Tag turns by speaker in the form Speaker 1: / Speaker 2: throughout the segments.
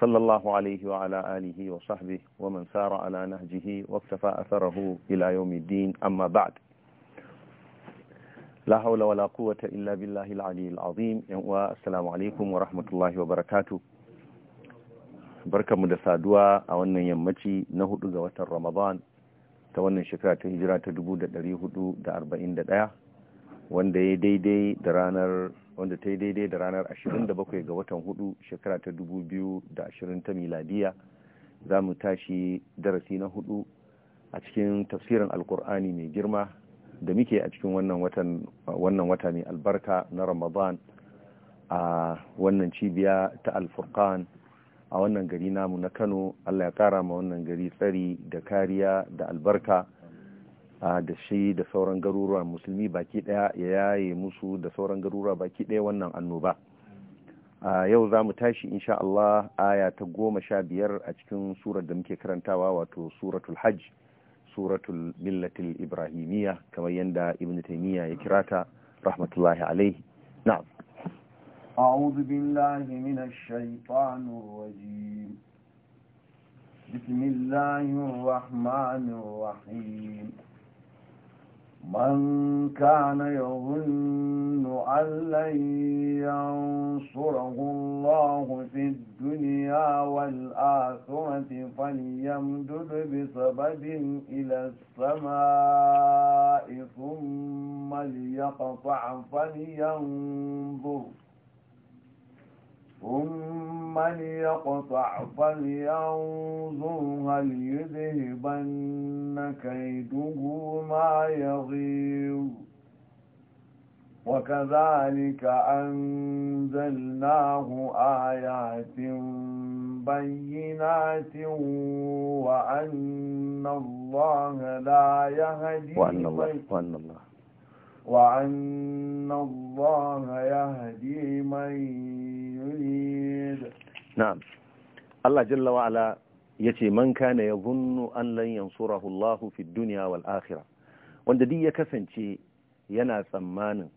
Speaker 1: صلى الله عليه وعلى آله وصحبه ومن سار على نهجه واكتفى أثره إلى يوم الدين أما بعد لا حول ولا قوة إلا بالله العلي العظيم والسلام عليكم ورحمة الله وبركاته barkamu da saduwa a wannan yammaci na hudu ga watan ramadan ta wannan shekara ta hijira ta 1441 wanda ya daidai da ranar wanda ta yi daidai da ranar 27 ga watan 4 shekara ta 2020 ta miladiya za mu tashi darasi na hudu a cikin tafsirin alkur'ani mai girma da muke a cikin wannan wata mai albarka na ramadan a wannan cibiya ta alfurkan a wannan gari namu na kano allah ya kara ma wannan gari tsari da kariya da albarka da shi da sauran garuruwa musulmi baki daya ya yaye musu da sauran garuruwa baki daya wannan annoba a yau za mu tashi insha Allah aya ta goma sha biyar a cikin surar da muke karantawa wato suratul hajj suratul millatil ibrahimiyya kamar yadda ibn taymiya ya kirata rahmatullahi alaihi na'am
Speaker 2: a'udhu billahi minash الشيطان rajim بسم الله الرحمن الرحيم من كان يظن أن لن ينصره الله في الدنيا والآخرة فليمدد بسبب إلى السماء ثم ليقطع فلينظر ثم ليقطع فلينظر هل يذهبن كيده ما يغير وكذلك أنزلناه آيات بينات وأن الله لا يهدي وأن الله,
Speaker 1: وأن الله
Speaker 2: وأن الله يهدي من
Speaker 1: يريد نعم الله جل وعلا yace man kana yadhunnu an lan yansurahu Allah fi dunya wal akhirah wanda duk ya kasance yana tsammanin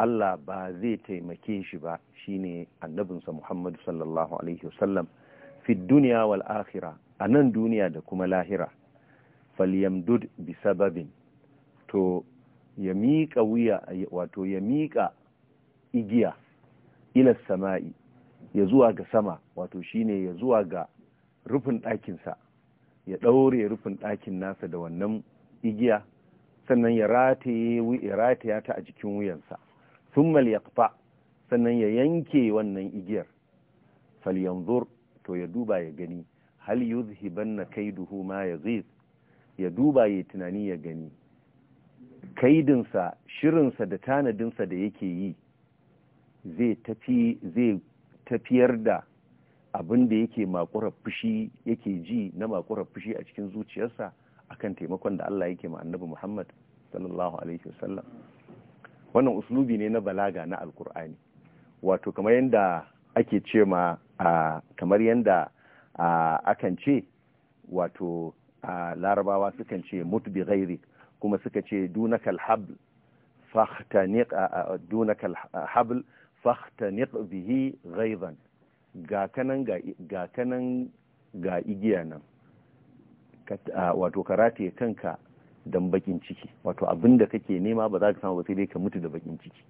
Speaker 1: Allah ba zai taimake shi ba shine annabinsa Muhammad sallallahu fi dunya wal akhirah a nan duniya da kuma lahira falyamdud bi to ya miƙa wuya wato ya miƙa igiya ila sama'i ya zuwa ga sama wato shine ya zuwa ga rufin ɗakinsa ya ɗaure rufin ɗakin nasa da wannan igiya sannan ya rataya ta a jikin wuyansa sun yaqfa sannan ya yanke wannan igiyar falyanzur to ya duba ya gani hal yuzhibanna kaiduhu ma yazid ya duba ya tunani ya gani kaidinsa shirinsa da tanadinsa da yake yi zai tafiyar da abin da yake makurar fushi yake ji na makurar fushi a cikin zuciyarsa akan taimakon da Allah yake ma annabi Muhammad sallallahu alaihi wasallam wannan uslubi ne na balaga na alkur'ani wato kamar yadda ake ce ma kamar yadda akan ce wato a larabawa sukan ce mutu bi ghairi kuma suka ce dunakal habl fahtaniq dunakal habl bihi ghaidan ga kanan ga kanan ga igiya nan wato karate kanka dan bakin ciki wato abinda kake nema ba za ka samu ba sai dai ka mutu da bakin ciki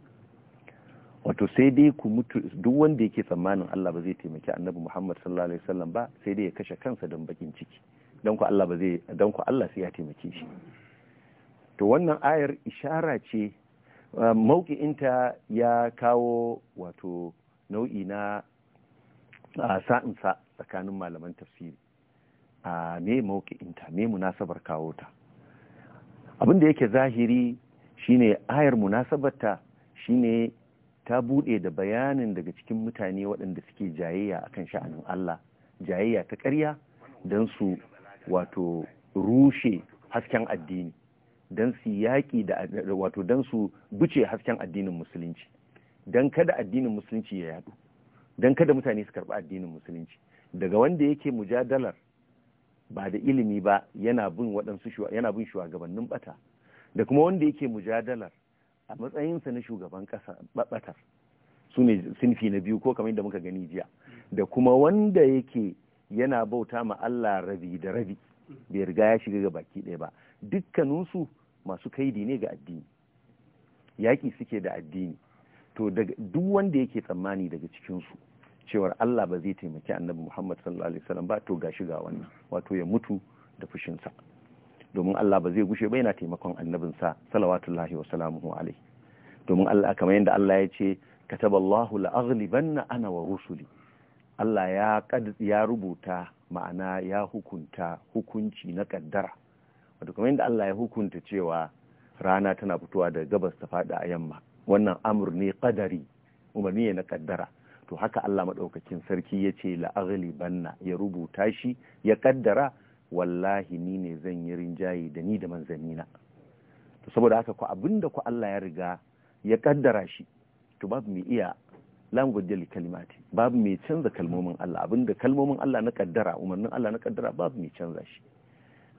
Speaker 1: wato sai dai ku mutu duk wanda yake tsammanin Allah ba zai taimaki Annabi Muhammad sallallahu alaihi wasallam ba sai dai ya kashe kansa dan bakin ciki don ku Allah ba zai don ku Allah sai ya taimake shi to wannan ayar ishara ce eh, mauki'inta ya kawo wato nau'i na sa'insa tsakanin malaman tafsiri a me mauki'inta me munasabar kawo ta abin da yake zahiri shine ayar munasabarta shine ta buɗe da bayanin daga cikin mutane waɗanda suke jayayya akan sha'anin Allah jayayya ta ƙarya don su wato rushe hasken addini don su yaƙi da wato don su buce hasken addinin musulunci don kada addinin musulunci ya yadu don kada mutane su karɓi addinin musulunci daga wanda yake mujadalar ba da ilimi ba yana bin waɗansu yana bin bata da kuma wanda yake mujadalar a matsayinsa na shugaban ƙasa batar su ne sinfi na biyu ko kamar yadda muka gani jiya da kuma wanda yake yana bauta ma Allah rabi da rabi bai riga ya shiga ga baki ɗaya ba dukkaninsu masu kaidi ne ga addini yaƙi suke da addini to duk wanda yake tsammani daga cikinsu cewar Allah ba zai taimaki annabi Muhammad sallallahu alaihi wasallam ba to gashi ga wannan wato ya mutu da fushinsa domin Allah ba zai gushe ba yana taimakon annabinsa salawatullahi wa salamuhu domin Allah kamar yadda Allah ya ce kataballahu la ana wa rusuli Allah ya rubuta ma'ana ya hukunta hukunci na kaddara wato kamar inda Allah ya hukunta cewa rana tana fitowa da gabas ta fada a yamma wannan amur ne kadari umarni ne na kaddara to haka Allah maɗaukakin sarki ya ce banna ya rubuta shi ya kaddara wallahi ni ne zan yi rinjaye da ni da manzanina to saboda haka ku abinda ku Allah ya riga ya kaddara shi to babu mai iya language kalimati babu mai canza kalmomin Allah abinda kalmomin Allah na kaddara umarnin Allah na kaddara babu mai canza shi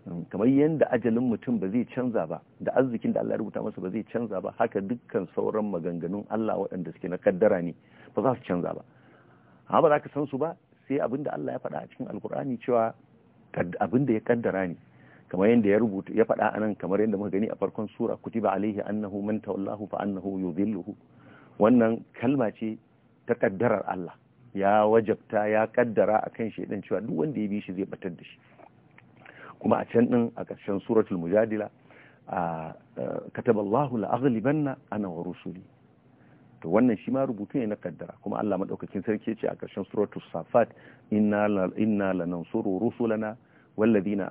Speaker 1: hmm, kamar yadda ajalin mutum ba zai canza ba da arzikin da Allah ya rubuta masa ba zai canza ba haka dukkan sauran maganganun Allah waɗanda suke na kaddara ne ba za su canza ba amma ba za ka san su ba sai abinda Allah ya faɗa a cikin alkur'ani cewa abinda ya kaddara ne kamar yadda ya rubuta ya faɗa anan kamar yadda muka gani a farkon sura kutiba alaihi annahu man tawallahu fa annahu yudhilluhu wannan kalma ce ta kaddarar Allah ya wajabta ya kaddara a kan shaidan cewa duk wanda ya bi shi zai batar da shi kuma a can din a ƙarshen suratul mujadila a kataballahu la'aghlibanna ana wa rusuli to wannan shi ma rubutu ne na kaddara kuma Allah madaukakin sarki ce a ƙarshen suratul safat inna inna lanansuru rusulana walladina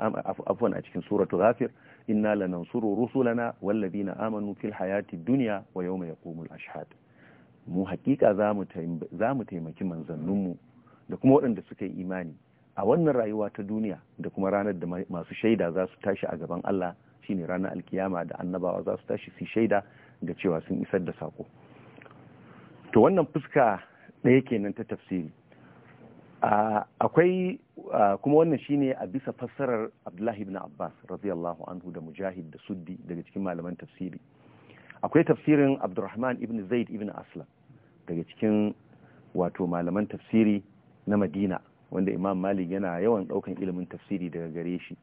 Speaker 1: afwan a cikin suratul ghafir inna lanansuru rusulana walladina amanu fil hayati dunya wa yawma yaqumul ashhad mu hakika za mu taimaki manzanninmu da kuma waɗanda suka yi imani a wannan rayuwa ta duniya da kuma ranar da masu shaida za su tashi a gaban Allah shine ranar alkiyama da annabawa za su tashi su shaida ga cewa sun isar da sako to wannan fuska ɗaya kenan ta tafsiri akwai kuma wannan shine a bisa fassarar abdullahi ibn abbas radiyallahu anhu da mujahid da suddi daga cikin malaman tafsiri akwai tafsirin abdurrahman ibn zaid ibn aslam daga cikin wato malaman tafsiri na madina wanda imam malik yana yawan daukan ilimin tafsiri daga gare shi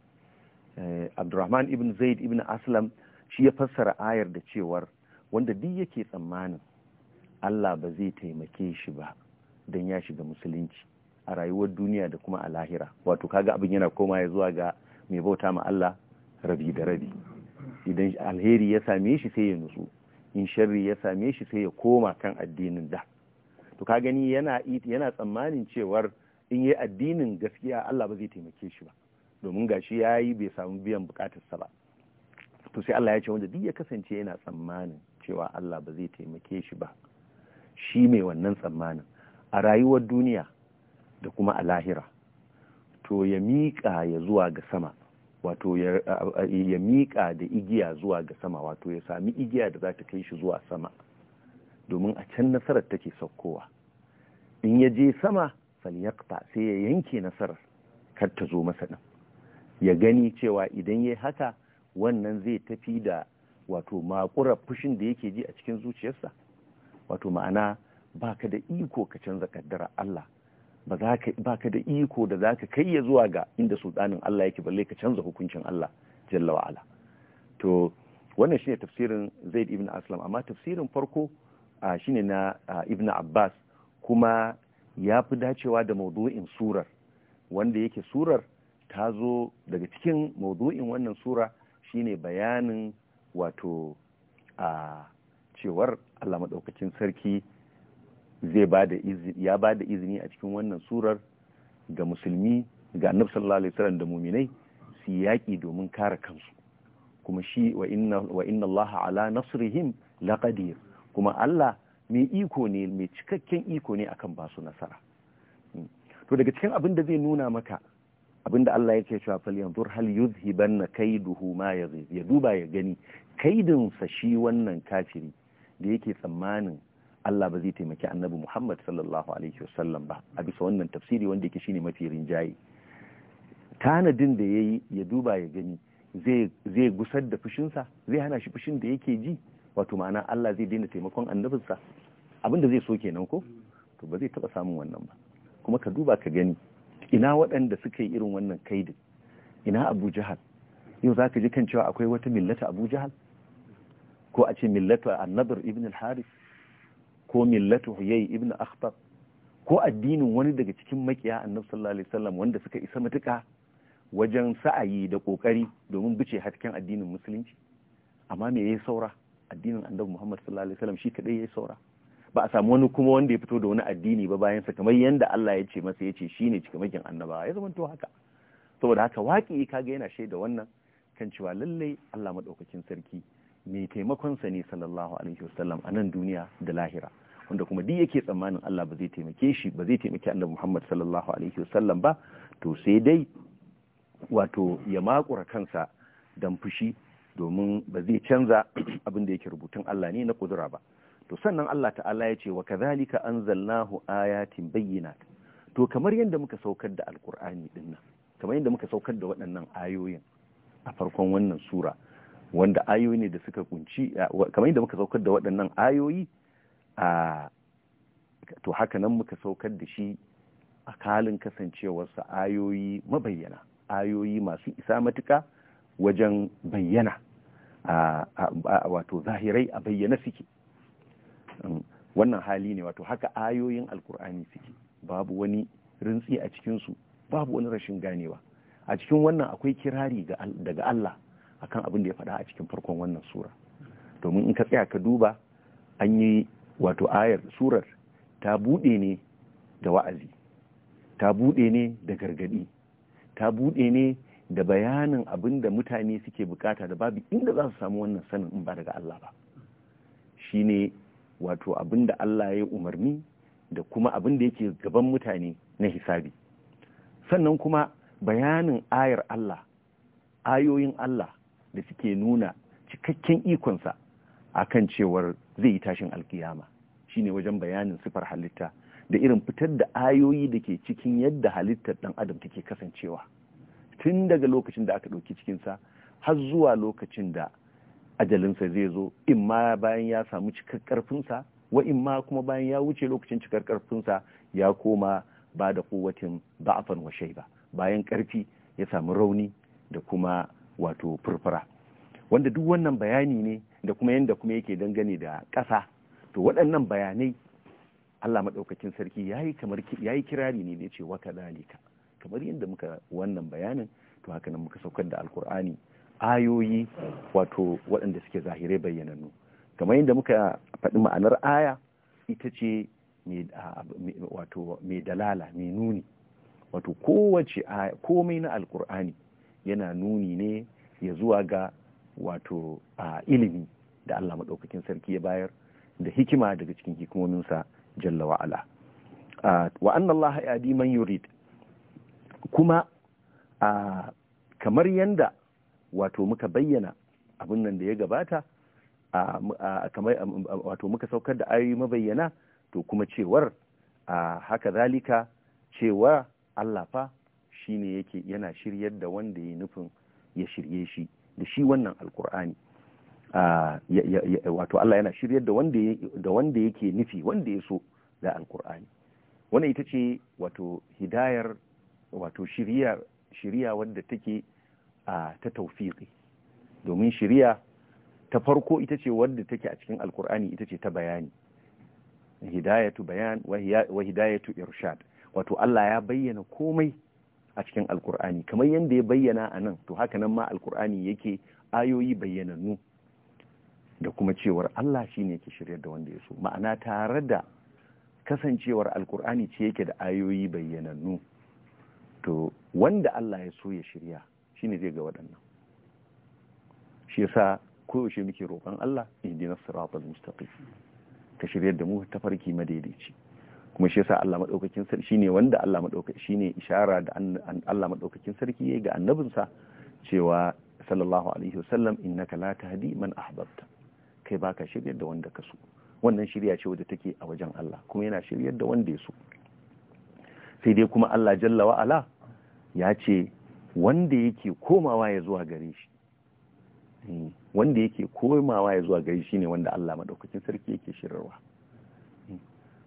Speaker 1: eh, abdurrahman ibn zaid ibn aslam shi ya fassara ayar da cewar wanda duk yake tsammanin allah ba zai taimake shi ba don ya shiga musulunci a rayuwar duniya da kuma a lahira wato kaga abin yana koma ya zuwa ga mai bauta ma allah rabi da rabi idan alheri ya same shi sai ya nutsu in sharri ya same shi sai ya koma kan addinin da to ka gani yana yana tsammanin cewar in yi addinin gaskiya Allah ba zai taimake shi ba domin gashi ya yi bai samu biyan bukatarsa ba to sai Allah ya ce wanda duk ya kasance yana tsammanin cewa Allah ba zai taimake shi ba
Speaker 2: shi mai wannan
Speaker 1: tsammanin a rayuwar duniya da kuma a lahira to ya miƙa ya zuwa ga sama wato ya miƙa da igiya zuwa ga sama wato ya sami igiya da za ta kai shi zuwa sama domin a can nasarar take saukowa in ya je sama falyakta sai ya yanke nasarar kar ta zo masa ɗin ya gani cewa idan ya haka wannan zai tafi da wato makurar fushin da yake ji a cikin zuciyarsa wato ma'ana baka da iko ka canza kaddara Allah ba ka da iko da za ka kai ya zuwa ga inda sultanin Allah yake balle ka canza hukuncin Allah jalla wa'ala to wannan shine tafsirin zaid ibn aslam amma tafsirin farko shine na ibn abbas kuma ya fi dacewa da maudu'in surar wanda yake surar ta zo daga cikin maudu'in wannan sura shine bayanin wato a cewar Allah maɗaukacin sarki zai bada izini ya da izini a cikin wannan surar ga musulmi ga annabi sallallahu alaihi wasallam da muminai su yaki domin kare kansu kuma shi wa inna wa inna Allah ala nasrihim laqadir kuma Allah mai iko ne mai cikakken iko ne akan basu nasara hmm. to daga cikin abin da zai nuna maka abin da Allah yake cewa fal yanzur hal yuzhibanna kaiduhu ma ya duba ya gani kaidinsa shi wannan kafiri da yake tsammanin Allah ba zai taimaki annabi Muhammad sallallahu alaihi wasallam ba a bisa wannan tafsiri wanda yake shine mafi rinjaye tanadin da yi ya duba ya gani zai gusar da fushinsa zai hana shi fushin da yake ji wato ma'ana Allah zai daina taimakon annabinsa abinda zai so kenan ko to ba zai taba samun wannan ba kuma ka duba ka gani ina waɗanda suka yi irin wannan kaidin ina Abu Jahal yau zaka ji kan cewa akwai wata millata Abu Jahal ko a ce millata Annabar ibn al-Harith ko millatu yayi ibn akhtar ko addinin wani daga cikin makiya annabi sallallahu alaihi wasallam wanda suka isa matuka wajen sa'ayi da kokari domin bice hatken addinin musulunci amma me yayi saura addinin annabi Muhammad sallallahu alaihi wasallam shi kadai yayi saura ba a samu wani kuma wanda ya fito da wani addini ba bayan sa kamar yanda Allah ya ce masa ya ce shine cikamakin annabawa ya zamanto haka saboda haka waki kaga yana shaida wannan kan cewa lallai Allah madaukakin sarki mai taimakon sa ne sallallahu alaihi wasallam a nan duniya da lahira wanda kuma duk yake tsammanin Allah ba zai taimake shi ba zai taimake Annabi Muhammad sallallahu alaihi wasallam ba to sai dai wato ya makura kansa dan fushi domin ba zai canza abin da yake rubutun Allah ne na kudura ba to sannan Allah ta'ala ya ce wa kadhalika anzalnahu ayatin bayyinat to kamar yadda muka saukar da alkur'ani din nan kamar yadda muka saukar da waɗannan ayoyin a farkon wannan sura wanda ayoyi ne da suka kunci kamar yadda muka saukar da waɗannan ayoyi a to haka nan muka saukar da shi a kalin kasancewarsa ayoyi mabayyana ayoyi masu isa matuka wajen bayyana wato zahirai a bayyana suke mm, wannan hali ne wato haka ayoyin alkur'ani suke babu wani rintsi a cikinsu babu wani rashin ganewa a cikin wannan akwai kirari daga Allah akan abin da ya faɗa a cikin farkon wannan sura domin in ka tsaya ka duba an yi wato ayar surar ta buɗe ne da wa'azi ta buɗe ne da gargaɗi ta buɗe ne da bayanin abin da mutane suke bukata da babu inda za su samu wannan sanin in ba daga Allah ba shi ne wato abin da Allah ya umarni da kuma abin da yake gaban mutane na hisabi sannan kuma bayanin ayar Allah ayoyin Allah da suke nuna cikakken ikonsa akan cewar zai yi tashin alkiyama shine wajen bayanin sifar halitta da irin fitar da ayoyi da ke cikin yadda halittar ɗan adam take kasancewa tun daga lokacin da aka ɗauki cikinsa har zuwa lokacin da ajalinsa zai zo in ma bayan ya samu cikar ƙarfinsa wa in ma kuma bayan ya wuce lokacin cikar ƙarfinsa ya koma ba da kowatin ba'afan wa ba, bayan ƙarfi ya samu rauni da kuma wato furfura wanda duk wannan bayani ne da kuma yadda kuma yake dangane da ƙasa to waɗannan bayanai Allah maɗaukakin sarki ya yi kirari ne da ce wa dalika kamar yadda muka wannan bayanin to haka nan muka saukar da alkur'ani ayoyi wato waɗanda suke zahirai bayyanannu kamar yadda muka faɗi ma'anar aya ita ce mai dalala mai nuni wato kowace komai na alkur'ani yana nuni ne ya zuwa ga wato ilimi da Allah maɗaukakin sarki ya bayar da hikima daga cikin hikimominsa jalla wa'ala wa anna Allah yadi man yurid kuma kamar yanda wato muka bayyana abin nan da ya gabata wato muka saukar da ayoyi mabayyana to kuma cewar haka zalika cewa Allah fa shine yake yana shiryar da wanda ya nufin ya shirye shi da shi wannan alkur'ani wato Allah yana shiryar da wanda yake nufi wanda ya so da alkur'ani wannan ita ce wato hidayar wato shiriya shiriya wanda take ta tawfiqi domin shiriya ta farko ita ce wanda take a cikin alkur'ani ita ce ta bayani hidayatu bayan wa hidayatu irshad wato Allah ya bayyana komai a cikin alkur'ani kamar yadda ya bayyana a nan to haka nan ma alkur'ani yake ayoyi bayyanannu da kuma cewar Allah shi ne ke shirya da wanda ya so ma'ana tare da kasancewar alkur'ani ce yake da ayoyi bayyanannu to wanda Allah ya so ya shirya shi ne zai ga waɗannan shi yasa koyaushe muke roƙon Allah ihdina siratal mustaqim ka shirya da mu tafarki madaidaici kuma shi yasa Allah madaukakin sarki shine wanda Allah madaukakin shine ishara da Allah madaukakin sarki yayi ga annabinsa cewa sallallahu alaihi wasallam innaka la tahdi man ahbabta kai baka shiryar da wanda ka so wannan shirya ce wadda take a wajen Allah kuma yana shiryar da wanda ya so sai dai kuma Allah jalla wa ala ya ce wanda yake komawa ya zuwa gare shi hmm. wanda yake komawa ya zuwa gare shi ne wanda Allah madaukakin sarki yake shirarwa hmm.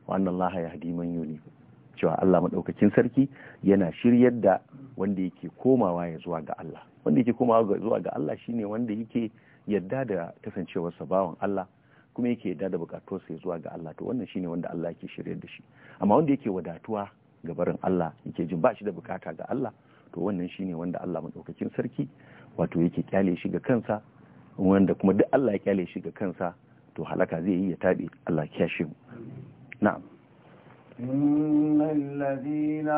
Speaker 1: wannan Allah ya hadi man yuni cewa Allah madaukakin sarki yana shiryar da wanda yake komawa ya zuwa ga Allah wanda yake komawa zuwa ga Allah shine wanda yake yadda da kasancewarsa bawan Allah kuma yake yadda da bukatuwarsa ya zuwa ga Allah to wannan shine wanda Allah yake shirye da shi amma wanda yake wadatuwa ga barin Allah yake jin ba shi da bukata ga Allah to wannan shine wanda Allah madaukakin sarki wato yake kyale shi ga kansa wanda kuma duk Allah ya kyale shi ga kansa to halaka zai yi ya tabe Allah ya kyashe mu na'am
Speaker 2: إن الذين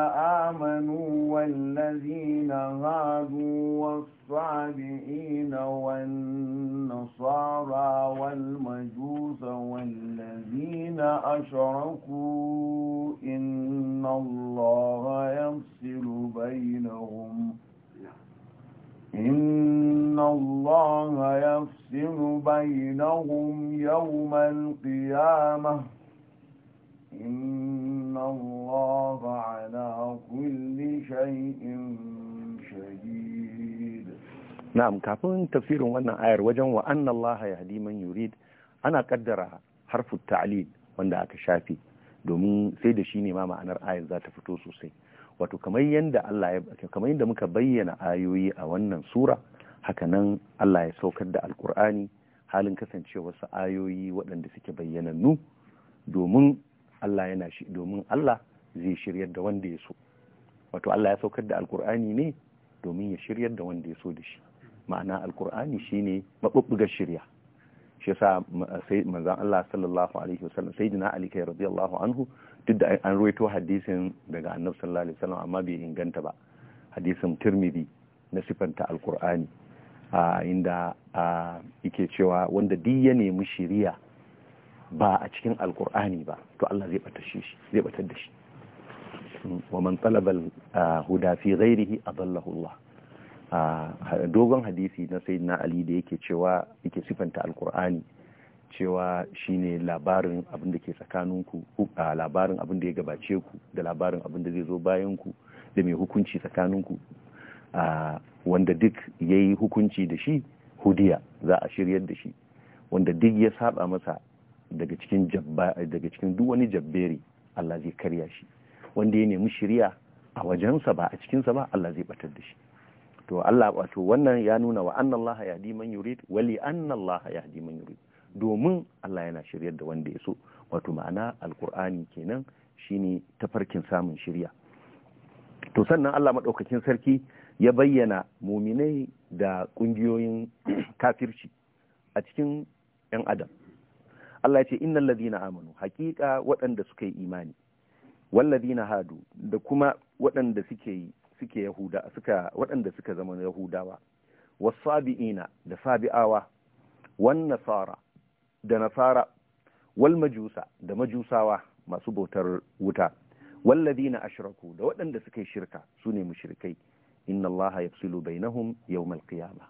Speaker 2: آمنوا والذين هادوا والصابئين والنصارى والمجوس والذين أشركوا إن الله يفصل بينهم إن الله يفصل بينهم يوم القيامة إن kafin tafsirin wannan ayar wajen
Speaker 1: نعم كافون تفسير وانا آير وجن وأن الله يهدي من يريد أنا قدر حرف التعليل وانا أكشافي domin sai da shi ne ma ma'anar ayin za ta fito sosai wato kamar yadda muka bayyana ayoyi a wannan sura haka nan Allah ya saukar da alkur'ani halin kasancewarsa ayoyi waɗanda suke bayyanannu domin Allah yana shi domin Allah zai shiryar da wanda ya so wato Allah ya saukar da alkur'ani ne domin ya shiryar da wanda ya so da shi ma'ana alkur'ani shine mabubbugar shirya shi yasa sai manzon Allah sallallahu alaihi wasallam sayyidina Ali kai radiyallahu anhu duk da an ruwaito hadisin daga Annabi sallallahu alaihi wasallam amma bai inganta ba hadisin Tirmidhi na sifanta alkur'ani a inda yake cewa wanda duk ya nemi shiriya ba a cikin alkur'ani ba to Allah zai batar da shi wa man talaba huda fi ghairihi adallahu Allah dogon hadisi na sayyidina Ali da yake cewa yake sifanta alkur'ani cewa shine labarin abin da ke tsakaninku labarin abin da ya gabace ku da labarin abin da zai zo bayan ku da mai hukunci tsakaninku wanda duk yayi hukunci da shi hudiya za a shiryar da shi wanda duk ya saba masa daga cikin daga cikin duk wani jabberi Allah zai karya shi wanda ya nemi shiriya a wajensa ba a cikinsa ba Allah zai batar da shi to Allah wato wannan ya nuna wa anna Allah yahdi man yurid wali anna Allah yahdi man yurid domin Allah yana shiryar da wanda ya so wato ma'ana alkur'ani kenan shine tafarkin samun shirya to sannan Allah madaukakin sarki ya bayyana muminai da kungiyoyin kafirci a cikin 'yan adam Allah ce innal ladina amanu haqiqa waɗanda suka yi imani wal ladina hadu da kuma waɗanda suke suke yahuda suka waɗanda suka zama yahudawa wasabi'ina da sabi'awa wan nasara da nasara wal majusa da majusawa masu bautar wuta wal ladina ashraku da waɗanda suka yi shirka sune mushrikai inna allaha yafsilu bainahum yawmal qiyamah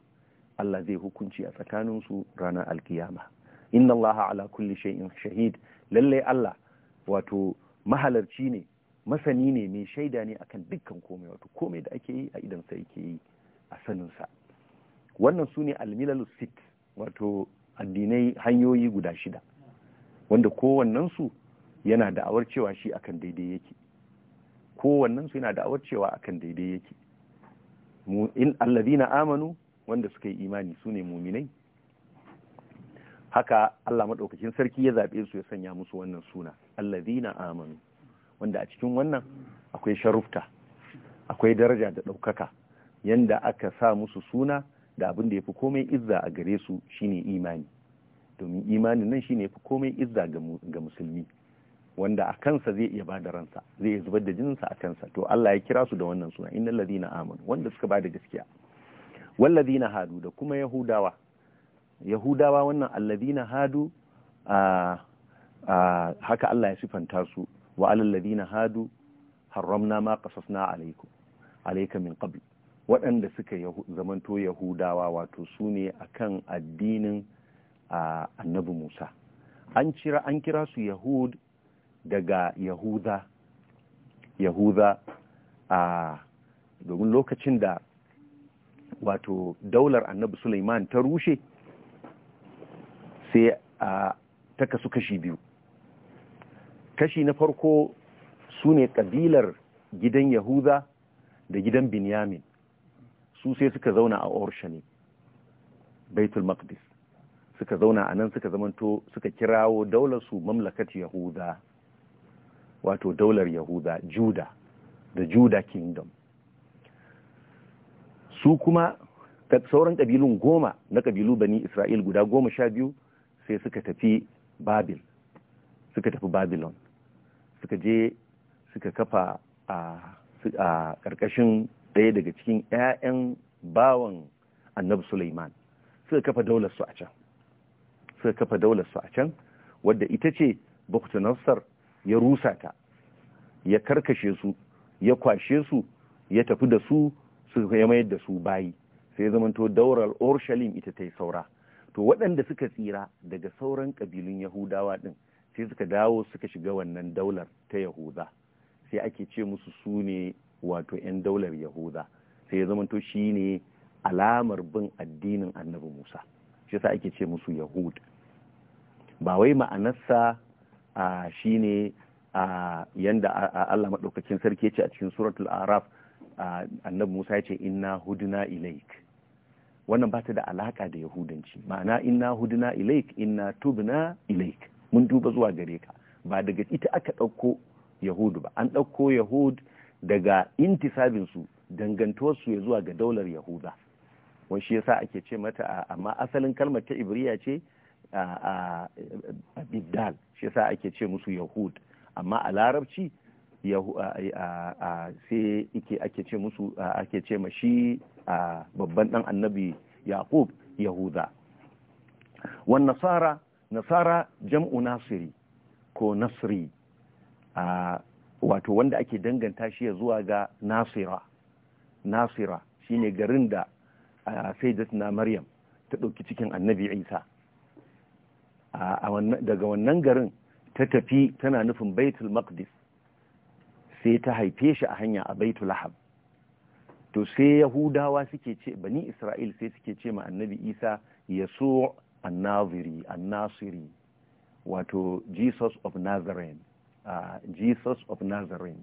Speaker 1: Allah zai hukunci a tsakaninsu ranar alkiyama inna allaha ala kulli shay'in shahid lalle Allah wato mahalarci ne masani ne mai shaida ne akan dukkan komai wato komai da ake yi a idan sa yake yi a sanin sa wannan sune al-milal sit wato addinai hanyoyi guda shida wanda kowannen su yana da'awar cewa shi akan daidai yake kowannen su yana da'awar cewa akan daidai yake Mu in alladhina amanu wanda suka yi imani sune muminai haka Allah maɗaukakin sarki ya zaɓe su ya sanya musu wannan suna allazina amanu wanda a cikin wannan akwai sharufta akwai daraja da ɗaukaka yanda aka sa musu suna da abin da ya fi komai izza a gare su shine imani domin imanin nan shine ya fi komai izza ga musulmi wanda a kansa zai iya bada ransa zai iya zubar da jininsa a kansa to Allah ya kira su da wannan suna innal ladina amanu wanda suka bada gaskiya wal ladina hadu da kuma yahudawa yahudawa wannan alladina hadu haka Allah ya sifanta su wa alladina hadu Haramna ma qasasna alaikum alayka min qabl waɗanda suka zamanto yahudawa wato su ne akan addinin annabi Musa an cira an kira su yahud daga yahuda yahuda a domin lokacin da wato daular annabi Sulaiman ta rushe sai a ta kasu kashi biyu kashi na farko su ne ƙabilar gidan yahuda da gidan binyamin su sai suka zauna a orshani baitul maqdis suka zauna a nan suka zamanto suka kirawo daular su mamlakat yahuda wato daular yahuda juda da juda kingdom su kuma sauran ƙabilun goma na ƙabilu bani isra'il guda goma sha biyu sai suka tafi babil suka tafi babilon suka je suka kafa a ƙarƙashin ɗaya daga cikin 'ya'yan bawan annabi suleiman suka kafa daular su a can suka kafa daular su a can wadda ita ce bukutunassar ya rusa ta ya karkashe su ya kwashe su ya tafi da su suka ya mayar da su bayi sai zamanto daular orshalim ita ta yi saura to waɗanda suka tsira daga sauran ƙabilun yahudawa ɗin sai suka dawo suka shiga wannan daular ta yahuda sai ake ce musu su ne wato 'yan daular yahuda sai ya zamanto shi ne alamar bin addinin annabi musa shi sa ake ce musu yahud ba wai ma'anarsa shi ne yadda allah maɗaukakin sarki ce a cikin suratul araf annabi musa ya ce inna huduna ilaik wannan ba ta da alaka da yahudanci ma'ana inna hudna ilaik inna tubna ilaik mun duba zuwa gare ka ba daga ita aka ɗauko yahudu ba an ɗauko yahud daga intisabinsu dangantuwarsu ya zuwa ga daular yahuda wani shi yasa ake ce mata amma asalin kalmar ta ibriya ce a bidal shi yasa ake ce musu yahud amma a larabci sai ake ce musu ake ce ma shi babban dan annabi yaqub yahuda wan nasara nasara jam'u nasiri ko nasri wato wanda ake danganta shi ya zuwa ga nasira nasira shine garin da sayyidatuna maryam ta ɗauki cikin annabi isa daga wannan garin ta tafi tana nufin baitul maqdis sai ta haife shi a hanya a baitu lahab to sai yahudawa suke ce bani isra'il sai suke ce ma annabi isa yasu annaziri annasiri wato jesus of nazarene uh, jesus of nazarene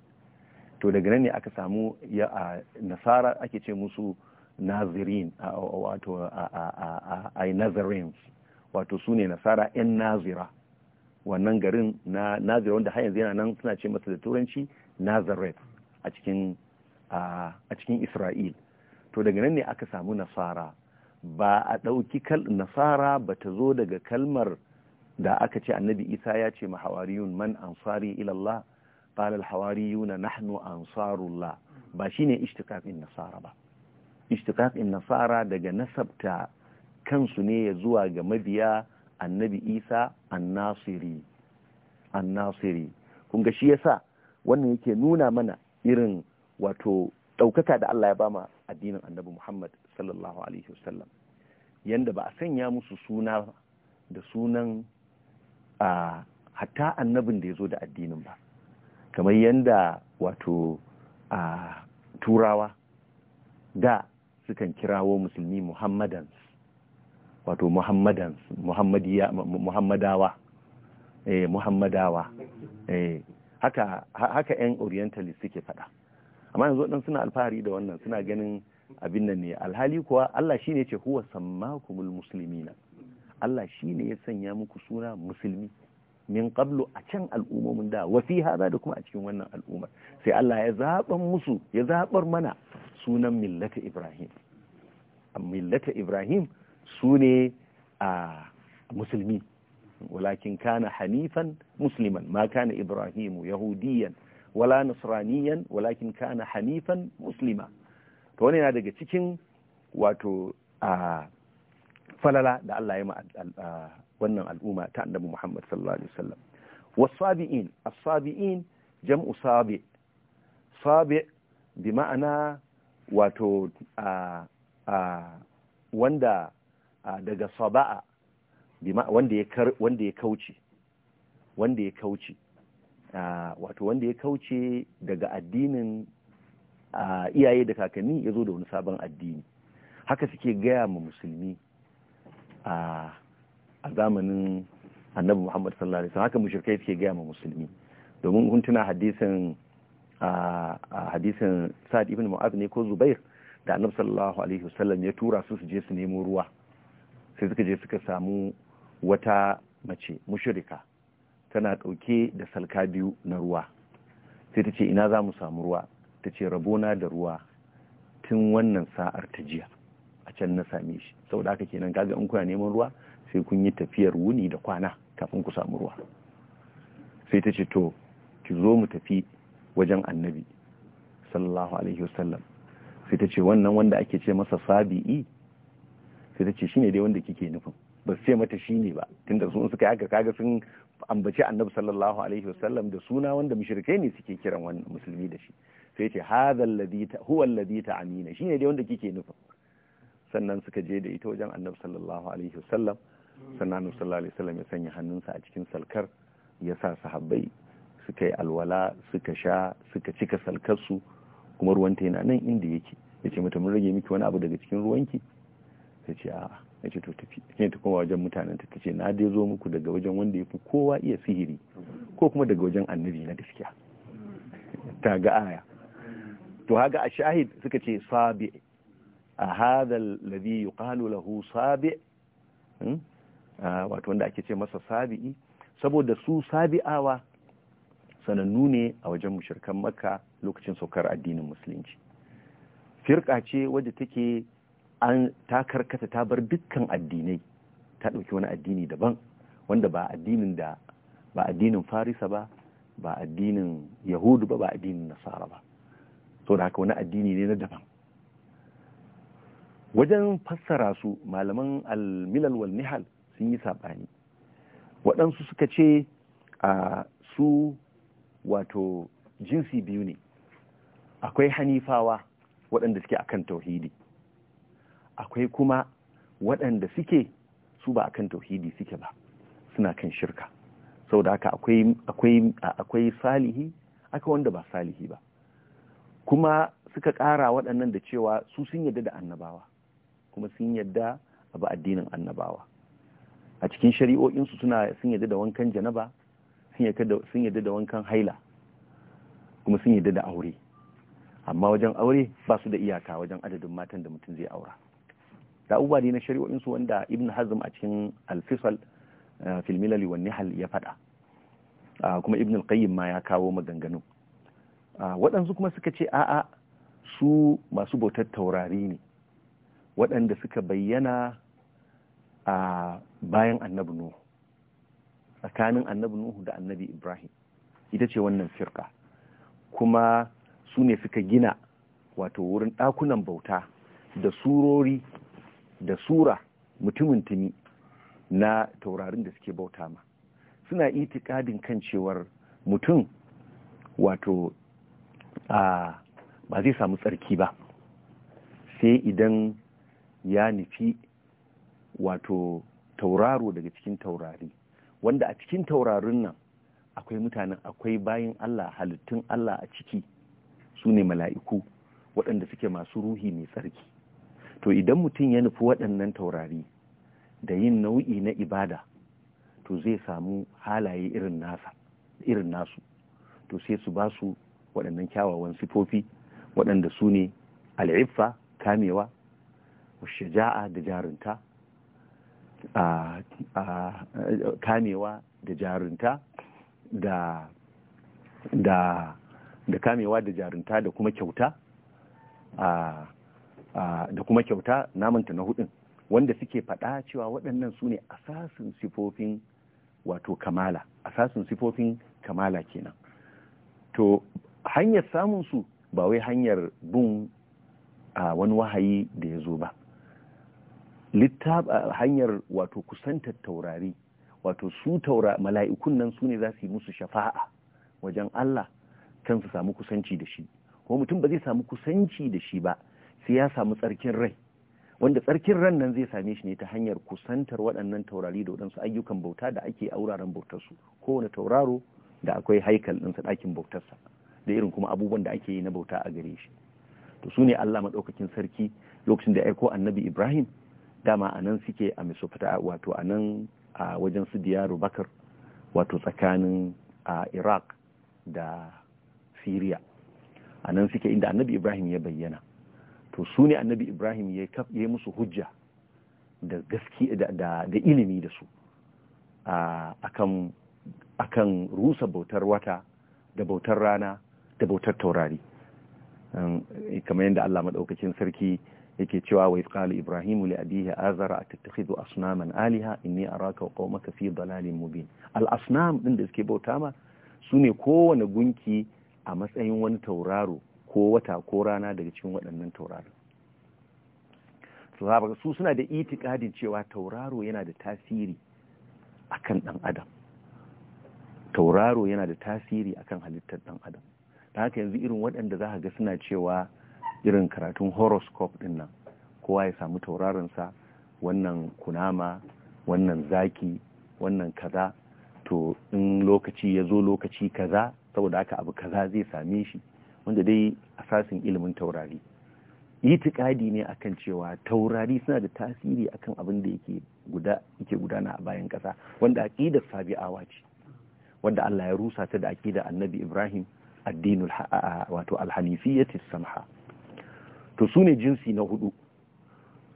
Speaker 1: to daga nan ne aka samu ya a nasara ake ce musu nazirin wato a nazarenes wato su ne nasara 'yan nazira wannan garin na nazira wanda har yanzu yana nan suna ce masa da turanci nazareth a cikin isra'il to daga nan ne aka samu nasara ba a ɗauki nasara ba ta zo daga kalmar da aka ce annabi isa ya ce ma hawariyun man ansari ilallah qala na nahnu ansarullah ba shine ishtiqaqin nasara ba ishtiqaqin nasara daga nasabta kansu ne ya zuwa ga mabiya annabi isa annasiri annasiri kun ga shi yasa wannan yake nuna mana irin wato ɗaukaka da Allah ya bama addinin annabi Muhammad sallallahu alaihi wasallam yanda ba a sanya musu suna da sunan a hatta annabin da ya zo da addinin ba kamar yanda wato a turawa da sukan kirawo musulmi muhammadans wato muhammadans muhammadiya muhammadawa eh muhammadawa eh haka haka yan orientalist suke faɗa amma yanzu waɗansu suna alfahari da wannan suna ganin abin nan ne alhali kuwa Allah shine ce huwa sammakumul muslimina Allah shine ya sanya muku suna musulmi min qablu a can al'ummomin da wa fi hada da kuma a cikin wannan al'ummar sai Allah ya zaban musu ya zabar mana sunan millata Ibrahim millata Ibrahim sune a musulmi walakin kana hanifan musliman ma na ibrahimu yahudiyan wala nasraniyan walakin kana hanifan muslima to wani yana daga cikin wato falala da Allah ya ma wannan al'umma ta annabi Muhammad sallallahu alaihi wasallam wasabiin as jam'u sabi sabi bi ma'ana wato wanda daga saba'a wanda ya wanda ya kauce wanda ya kauce wato wanda ya kauce daga addinin iyaye da kakanni ya zo da wani sabon addini haka suke gaya ma musulmi a zamanin annabi muhammad sallallahu alaihi wasallam haka mushrikai suke gaya ma musulmi domin huntuna hadisin a hadisin sa'ad ibn mu'az ne ko zubair da annabi sallallahu alaihi wasallam ya tura su su je su nemo ruwa sai suka je suka samu wata mace mushirika tana ɗauke da salka biyu na ruwa sai ta ce ina za mu samu ruwa ta ce rabona da ruwa tun wannan sa'ar ta jiya a can na same shi saboda haka kenan kaga in kuna neman ruwa sai kun yi tafiyar wuni da kwana kafin ku samu ruwa sai ta ce to ki zo mu tafi wajen annabi sallallahu alaihi wasallam sai ta ce wannan wanda ake ce masa sabi'i sai ta ce shine dai wanda kike nufin ba su ce mata ne ba tunda sun suka haka kaga sun ambaci annabi sallallahu alaihi wasallam da suna wanda mushrikai ne suke kiran wannan musulmi da shi sai ce hadha alladhi huwa alladhi ta'amina shine dai wanda kike nufa sannan suka je da ita wajen annabi sallallahu alaihi wasallam sannan annabi sallallahu alaihi wasallam ya sanya hannunsa a cikin salkar ya sa sahabbai suka yi alwala suka sha suka cika salkar su kuma ruwanta yana nan inda yake yace mata mun rage miki wani abu daga cikin ruwanki sai ce a'a ya ce to tafi sai ta koma wajen mutanen ta ce na dai zo muku daga wajen wanda ya fi kowa iya sihiri ko kuma daga wajen annabi na gaskiya ta ga aya to haga a shahid suka ce sabi a hadha alladhi yuqalu lahu sabi hmm? wato wanda ake ce masa sabi'i saboda su sabi'awa sanannu ne a wajen mushrikan maka lokacin saukar addinin musulunci firka ce wadda take an ta karkata ta bar dukkan addinai ta ɗauki wani addini daban wanda ba addinin da ba addinin farisa ba ba addinin yahudu ba ba addinin nasara ba so da haka wani addini ne na daban wajen fassara su malaman al-milal wal nihal sun yi saɓani waɗansu suka ce a su wato jinsi biyu ne akwai hanifawa waɗanda suke akan tauhidi akwai kuma waɗanda suke su ba kan tauhidi suke ba suna kan shirka saboda haka aka akwai salihi akwai wanda ba salihi ba kuma suka ƙara waɗannan da cewa su sun yadda da annabawa kuma sun yadda abu addinin annabawa a cikin shari'o'insu suna sun yadda da wankan janaba sun yadda da wankan haila kuma sun yadda da aure amma wajen aure ba su da iyaka wajen adadin matan da mutum zai aura da abubuwa ne na shari'o'insu wanda ibn hazm a cikin alfisal eh, fil wa nihal ya faɗa ah, kuma ibn al-qayyim ma ya kawo maganganu ah, waɗansu kuma suka ce a'a su masu bautar taurari ne waɗanda suka bayyana a bayan annabi nuhu tsakanin annabi nuhu da annabi ibrahim ita ce wannan firka kuma su ne suka gina wato wurin ɗakunan bauta da surori da sura mutumin tuni na taurarin da suke bauta ma suna itikadin kan cewar mutum wato a ba zai samu tsarki ba sai idan ya nufi wato tauraro daga cikin taurari wanda a cikin taurarin nan akwai mutanen akwai bayan Allah halittun Allah a ciki su ne mala'iku waɗanda suke masu ruhi mai tsarki to idan mutum ya nufi waɗannan taurari da yin nau'i na ibada to zai samu halaye irin nasa irin nasu to sai su ba su waɗannan kyawawan sifofi waɗanda su ne al'iffa kamewa shaja'a da jarinta kamewa da jarinta da da kamewa da jarinta da kuma kyauta da kuma kyauta namanta na hudun wanda suke faɗa cewa waɗannan su ne asasin sifofin wato kamala asasin sifofin kamala kenan to hanyar samun su ba wai hanyar bin a wani wahayi da ya zo ba hanyar wato kusantar taurari wato su taura mala'ikun nan su ne za su yi musu shafa'a wajen Allah kan su samu kusanci da shi kuma mutum ba zai samu kusanci da shi ba sai ya samu tsarkin rai wanda tsarkin ran nan zai same shi ne ta hanyar kusantar waɗannan taurari da waɗansu ayyukan bauta da ake a wuraren bautarsu kowane tauraro da akwai haikal ɗinsa ɗakin bautarsa da irin kuma abubuwan da ake yi na bauta a gare shi to su ne Allah maɗaukakin sarki lokacin da ya aiko annabi Ibrahim dama a nan suke a misofata wato a nan a wajen su diyaru bakar wato tsakanin a Iraq da Syria a nan suke inda annabi Ibrahim ya bayyana to su ne annabi ibrahim ya yi musu hujja da gaski da ilimi da su akan rusa bautar wata da bautar rana da bautar taurari um, kamar yadda Allah maɗaukacin sarki yake cewa wa ifqalu ibrahimu li abihi azara atattakhidhu asnaman aliha inni araka wa qaumaka fi dalalin mubin al asnam din da suke bauta ma sune kowane gunki a matsayin wani tauraro ko wata ko rana daga cikin waɗannan tauraron su suna da itikadin cewa tauraro yana da tasiri akan ɗan adam tauraro yana da tasiri akan halittar ɗan adam ta haka yanzu irin waɗanda za ga suna cewa irin karatun horoscope ɗin nan kowa ya samu taurarinsa wannan kunama wannan zaki wannan kaza to in lokaci ya zo lokaci kaza saboda haka abu kaza zai same shi wanda dai asasin ilimin taurari itikadi ne akan cewa taurari suna da tasiri akan abin da yake guda gudana a bayan ƙasa wanda sabi sabi'awa ce wanda Allah ya rusa ta da aqidar Annabi Ibrahim addinul wato alhanifiyati samha to sune jinsi na hudu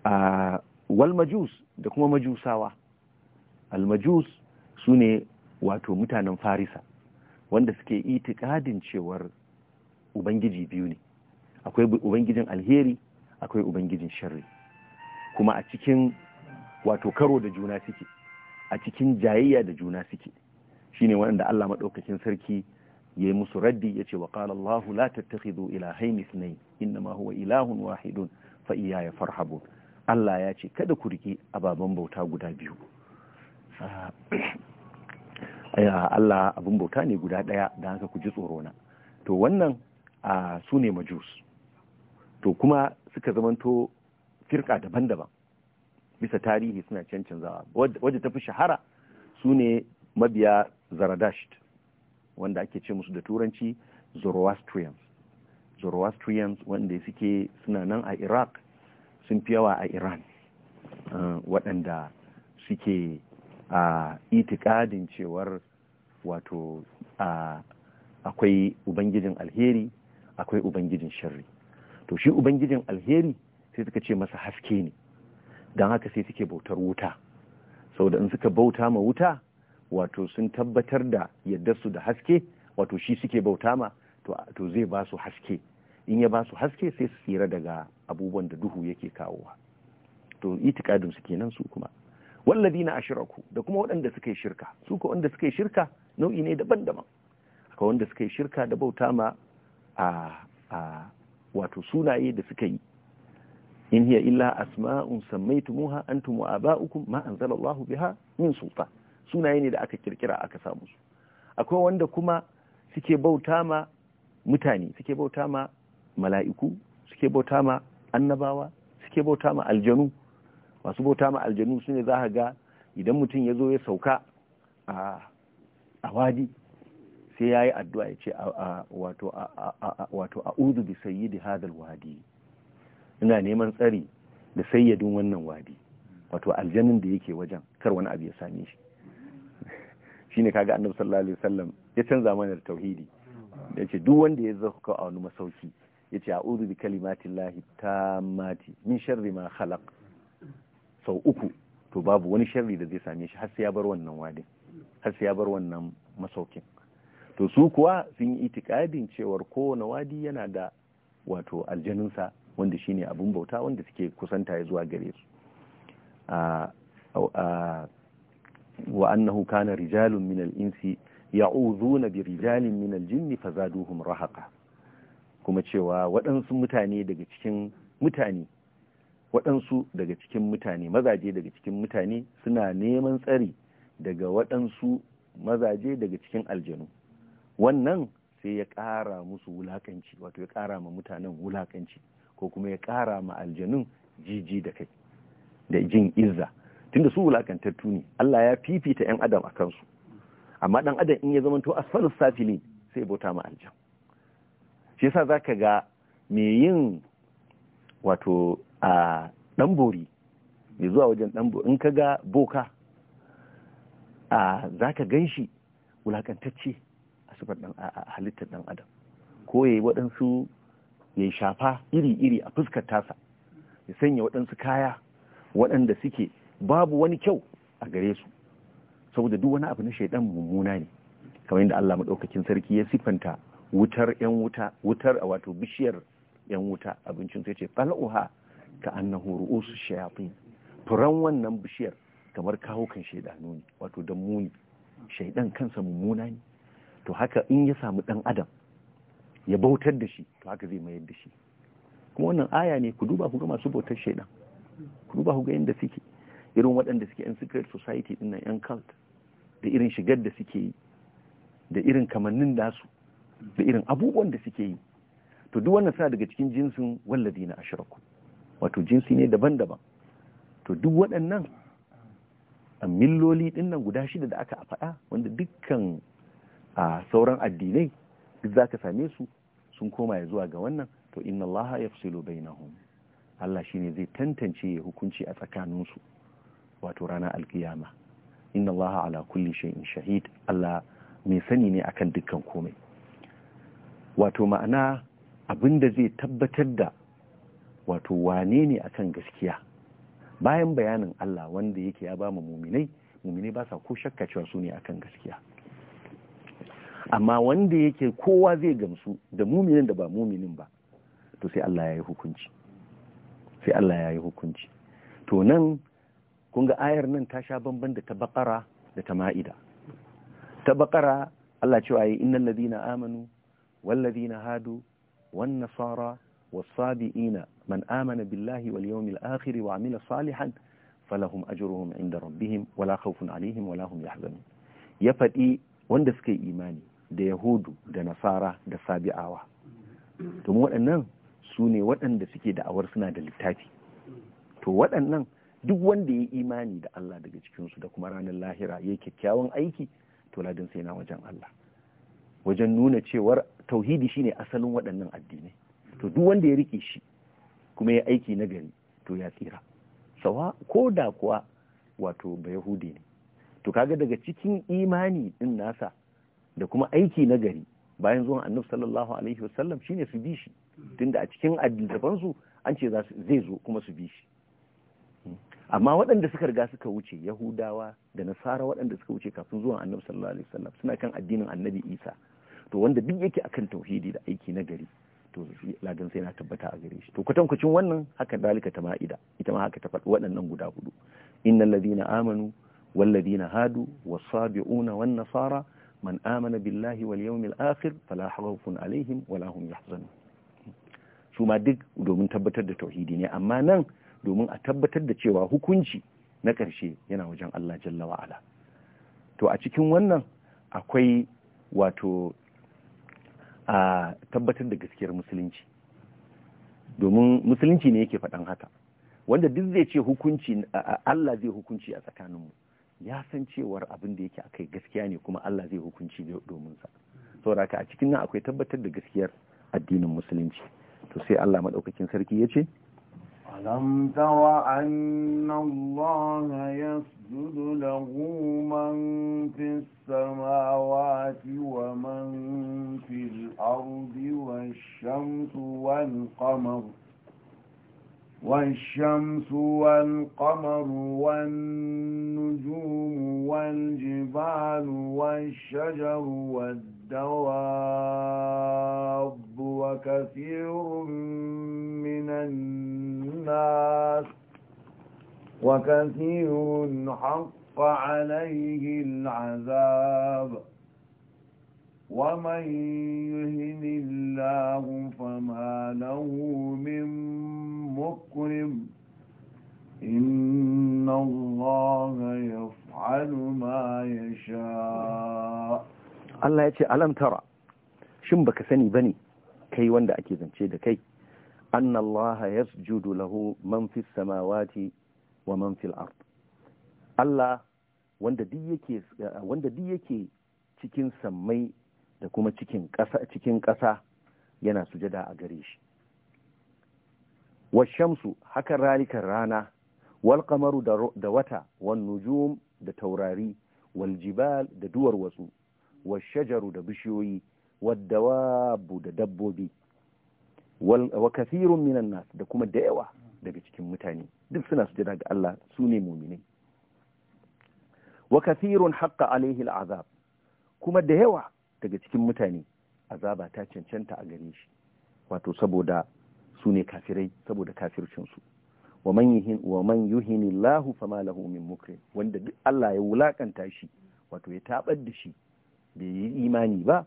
Speaker 1: a wal majus da kuma majusawa Almajus majus sune wato mutanen farisa wanda suke itikadin cewar ubangiji biyu ne akwai ubangijin alheri akwai ubangijin sharri kuma a cikin wato karo da juna suke a cikin jayayya da juna suke shine wanda Allah madaukakin sarki yayi musu raddi ya ce, wa qala Allah la tattakhidhu ilahayn ithnayn ma huwa ilahun wahidun fa ya farhabun Allah ya ce kada ku rike ababen bauta guda biyu ah, Allah abin bauta ne guda ɗaya, da haka ku ji tsoro na to wannan a su ne majus to kuma suka zamanto firka daban-daban bisa tarihi suna cancanzawa wadda ta fi shahara su ne mabiya zaradasht wanda ake ce musu da turanci zoroastrians zoroastrians wanda suke suna nan a iraq sun fi yawa a iran uh, waɗanda suke a itikadin cewar wato akwai ubangijin alheri akwai ubangijin sharri to shi ubangijin alheri sai suka ce masa haske ne don haka sai suke bautar wuta Sau da in suka bauta ma wuta wato sun tabbatar da yadda su da haske wato shi suke bauta ma to zai ba su haske in ya ba su haske sai su tsira daga abubuwan da duhu yake kawowa to itikadin su kenan su kuma na ashiraku da kuma waɗanda suka yi shirka su ko wanda suka yi shirka nau'i ne daban-daban akwai wanda suka yi shirka da bauta ma a wato sunaye da suka yi in hiya illa asma'un sammaytumuha antum wa aba'ukum ma Allahu biha min sulta sunaye ne da aka kirkira aka samu su akwai wanda kuma suke bauta ma mutane suke bauta ma mala'iku suke bauta ma annabawa suke bauta ma aljanu masu bauta ma aljanu sune ne za ga idan mutum ya zo ya sauka a wadi sai ya yi addu'a ya ce wato a uzu bi da hadal wadi ina neman tsari da sayyadin wannan wadi wato aljanun da yake wajen kar wani abu ya same shi Shi shine kaga annabi sallallahu alaihi wasallam ya canza mana da tauhidi ya ce duk wanda ya zaka a wani masauki ya ce a'udhu bi kalimatillahi tammati min sharri ma khalaq sau uku to babu wani sharri da zai same shi har sai ya bar wannan wadin har sai ya bar wannan masaukin to su kuwa sun yi itikadin cewar kowane wadi yana da wato aljanunsa wanda shine abun bauta wanda suke kusanta ya zuwa gare su wa annahu kana rijalun min al-insi ya'udhuna bi rijalin min al-jinni fazaduhum rahaqa kuma cewa waɗansu mutane daga cikin mutane waɗansu daga cikin mutane mazaje daga cikin mutane suna neman tsari daga waɗansu mazaje daga cikin aljanu wannan sai ya ƙara musu wulakanci wato ya ƙara ma mutanen wulakanci ko kuma ya ƙara ma aljanun jiji da kai da jin izza tunda su wulakantattu ne Allah ya fifita yan adam a kansu amma ɗan adam in ya zamanto asfalus safilin sai bauta ma aljan shi yasa zaka ga me yin wato a mai zuwa wajen ɗanbori. in ka ga boka a zaka ganshi wulakantacce sifar dan halittar dan adam ko yayi waɗansu ya shafa iri-iri a fuskar tasa ya sanya waɗansu kaya waɗanda suke babu wani kyau a gare su saboda duk wani abu na shaidan mummuna ne kamar yadda Allah maɗaukakin sarki ya siffanta wutar yan wuta wutar a wato bishiyar yan wuta abincin sai ce tsal'uha ka annahu ru'usu shayatin furan wannan bishiyar kamar kawo kan shaidanu ne wato dan muni shaidan kansa mummuna ne to haka in ya samu ɗan adam ya bautar da shi to haka zai mayar da shi kuma wannan aya ne ku duba ku ga masu bautar shaidan ku duba ku ga yadda suke irin waɗanda suke yan secret society ɗin nan yan cult da irin shigar da suke yi da irin kamannin nasu da irin abubuwan da suke yi to duk wannan suna daga cikin jinsin wallazi na ashraku wato jinsi ne daban-daban to duk waɗannan milloli ɗin nan guda shida da aka faɗa wanda dukkan a sauran addinai duk za ka same su sun koma ya zuwa ga wannan to inna allaha ya fusilo bainahum Allah shine zai tantance ya hukunci a tsakaninsu wato ranar alkiyama inna allaha ala kulli in shahid Allah mai sani ne akan dukkan komai wato ma'ana abin da zai tabbatar da wato wane ne akan gaskiya bayan bayanin Allah wanda yake ya ba mu muminai muminai ba sa ko shakka cewa su ne akan gaskiya amma wanda yake kowa zai gamsu da muminin da ba muminin ba to sai Allah ya yi hukunci sai Allah ya yi hukunci to nan kun ga ayar nan ta sha bamban da ta bakara da ta ma'ida ta bakara Allah cewa yi innal ladina amanu wal ladina hadu wan nasara was sabiina man amana billahi wal yawmil akhir wa amila salihan falahum ajruhum inda rabbihim wala khawfun alaihim wala hum yahzanun ya faɗi wanda suka yi imani da yahudu da nasara da sabi'awa domin waɗannan su ne waɗanda suke awar suna da littafi to waɗannan duk wanda ya imani da Allah daga cikinsu da kuma ranar lahira ya yi kyakkyawan aiki to ladin sai na wajen Allah wajen nuna cewar tauhidi shine asalin waɗannan addinai to duk wanda ya rike shi kuma ya aiki na gari to ya tsira sawa ko da kuwa wato ba yahudi ne to kaga daga cikin imani din nasa da kuma aiki na gari bayan zuwan annabi sallallahu alaihi wasallam shine su bi shi tunda a cikin addinan su an ce zai zo kuma su bi shi amma waɗanda suka riga suka wuce yahudawa da nasara waɗanda suka wuce kafin zuwan annabi sallallahu alaihi wasallam suna kan addinin annabi isa to wanda duk yake akan tauhidi da aiki na gari to ladan sai na tabbata a gare shi to kwatankwacin wannan haka dalika ta ma'ida ita ma haka ta faɗi waɗannan guda hudu innal ladina amanu wal ladina hadu was sabiuna wan nasara man amana billahi wal yawmil akhir fala khawfun alaihim wala hum yahzanun su ma duk domin tabbatar da tauhidi ne amma nan domin a tabbatar da cewa hukunci na ƙarshe yana wajen Allah jalla wa'ala to a cikin wannan akwai wato a tabbatar da gaskiyar musulunci domin musulunci ne yake faɗan haka wanda duk zai ce hukunci Allah zai hukunci a tsakaninmu ya san cewar abin da yake akai gaskiya ne kuma Allah zai hukunci domin sa saboda a cikin nan akwai tabbatar da gaskiyar addinin musulunci to sai Allah madaukakin sarki ya ce
Speaker 2: alam tawa anna Allah yasjudu lahu man fis samawati wa man fil ardi wash-shamsu wal والشمس والقمر والنجوم والجبال والشجر والدواب وكثير من الناس وكثير حق عليه العذاب ومن يهن الله فما له من مكرم إن الله يفعل ما يشاء
Speaker 1: الله يتي ألم ترى شن بك سني بني كي وندا أكيد شيء كي أن الله يسجد له من في السماوات ومن في الأرض الله wanda duk yake cikin sammai da kuma cikin ƙasa yana sujada a gare shi washamsu haka ralikan rana wal da wata wan nujum da taurari wal jibal da duwar wasu washajaru da bishiyoyi waddawabu da dabbobi wa kathirun minan nas da kuma da yawa daga cikin mutane duk suna sujada ga Allah su ne muminai wa kathirun haqqa alaihi al'azab kuma da yawa daga cikin mutane azaba ta cancanta a gare shi wato saboda su ne kafirai saboda kafircinsu wa man yuhini Allahu fama lahu min mukrim wanda duk Allah ya wulakanta shi wato ya tabar da shi bai yi imani ba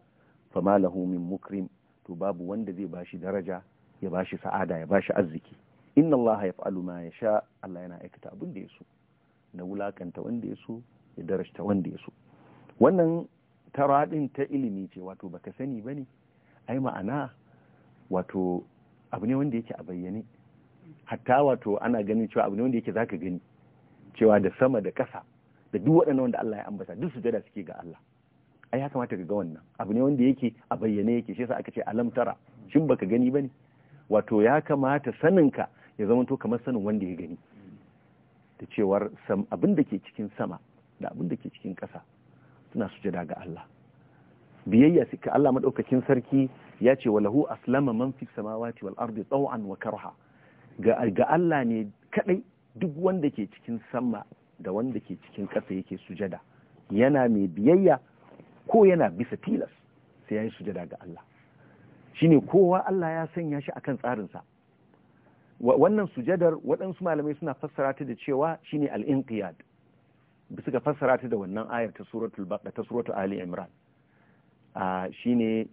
Speaker 1: fama lahu min mukrim to babu wanda zai bashi daraja ya bashi sa'ada ya bashi arziki inna Allah yaf'alu ma yasha Allah yana aikata abin da ya so na wulakanta wanda ya so ya darasta wanda ya so wannan tara din ta ilimi ce wato baka sani bane ai ma'ana wato abu ne wanda yake a bayyane hatta wato ana ganin cewa abu ne wanda yake zaka gani cewa da sama da ƙasa da duk waɗannan wanda Allah ya ambata duk sujada suke ga Allah ai ya kamata ka ga wannan abu ne wanda yake a bayyane yake shi yasa aka ce alam tara shin baka gani bane wato ya kamata saninka ya zama to kamar sanin wanda ya gani da cewar abin da ke cikin sama da abin da ke cikin ƙasa suna sujada ga Allah biyayya suka Allah madaukakin sarki ya ce walahu aslama man fi samawati wal ardi taw'an wa karha ga Allah ne kadai duk wanda ke cikin sama da wanda ke cikin ƙasa yake sujada yana mai biyayya ko yana bisa tilas sai ya yi sujada ga Allah shine kowa Allah ya sanya shi akan tsarinsa wannan sujadar waɗansu malamai suna fassara ta da cewa shine al-inqiyad suka fassara ta da wannan ayar ta suratul ta suratul ali imran shine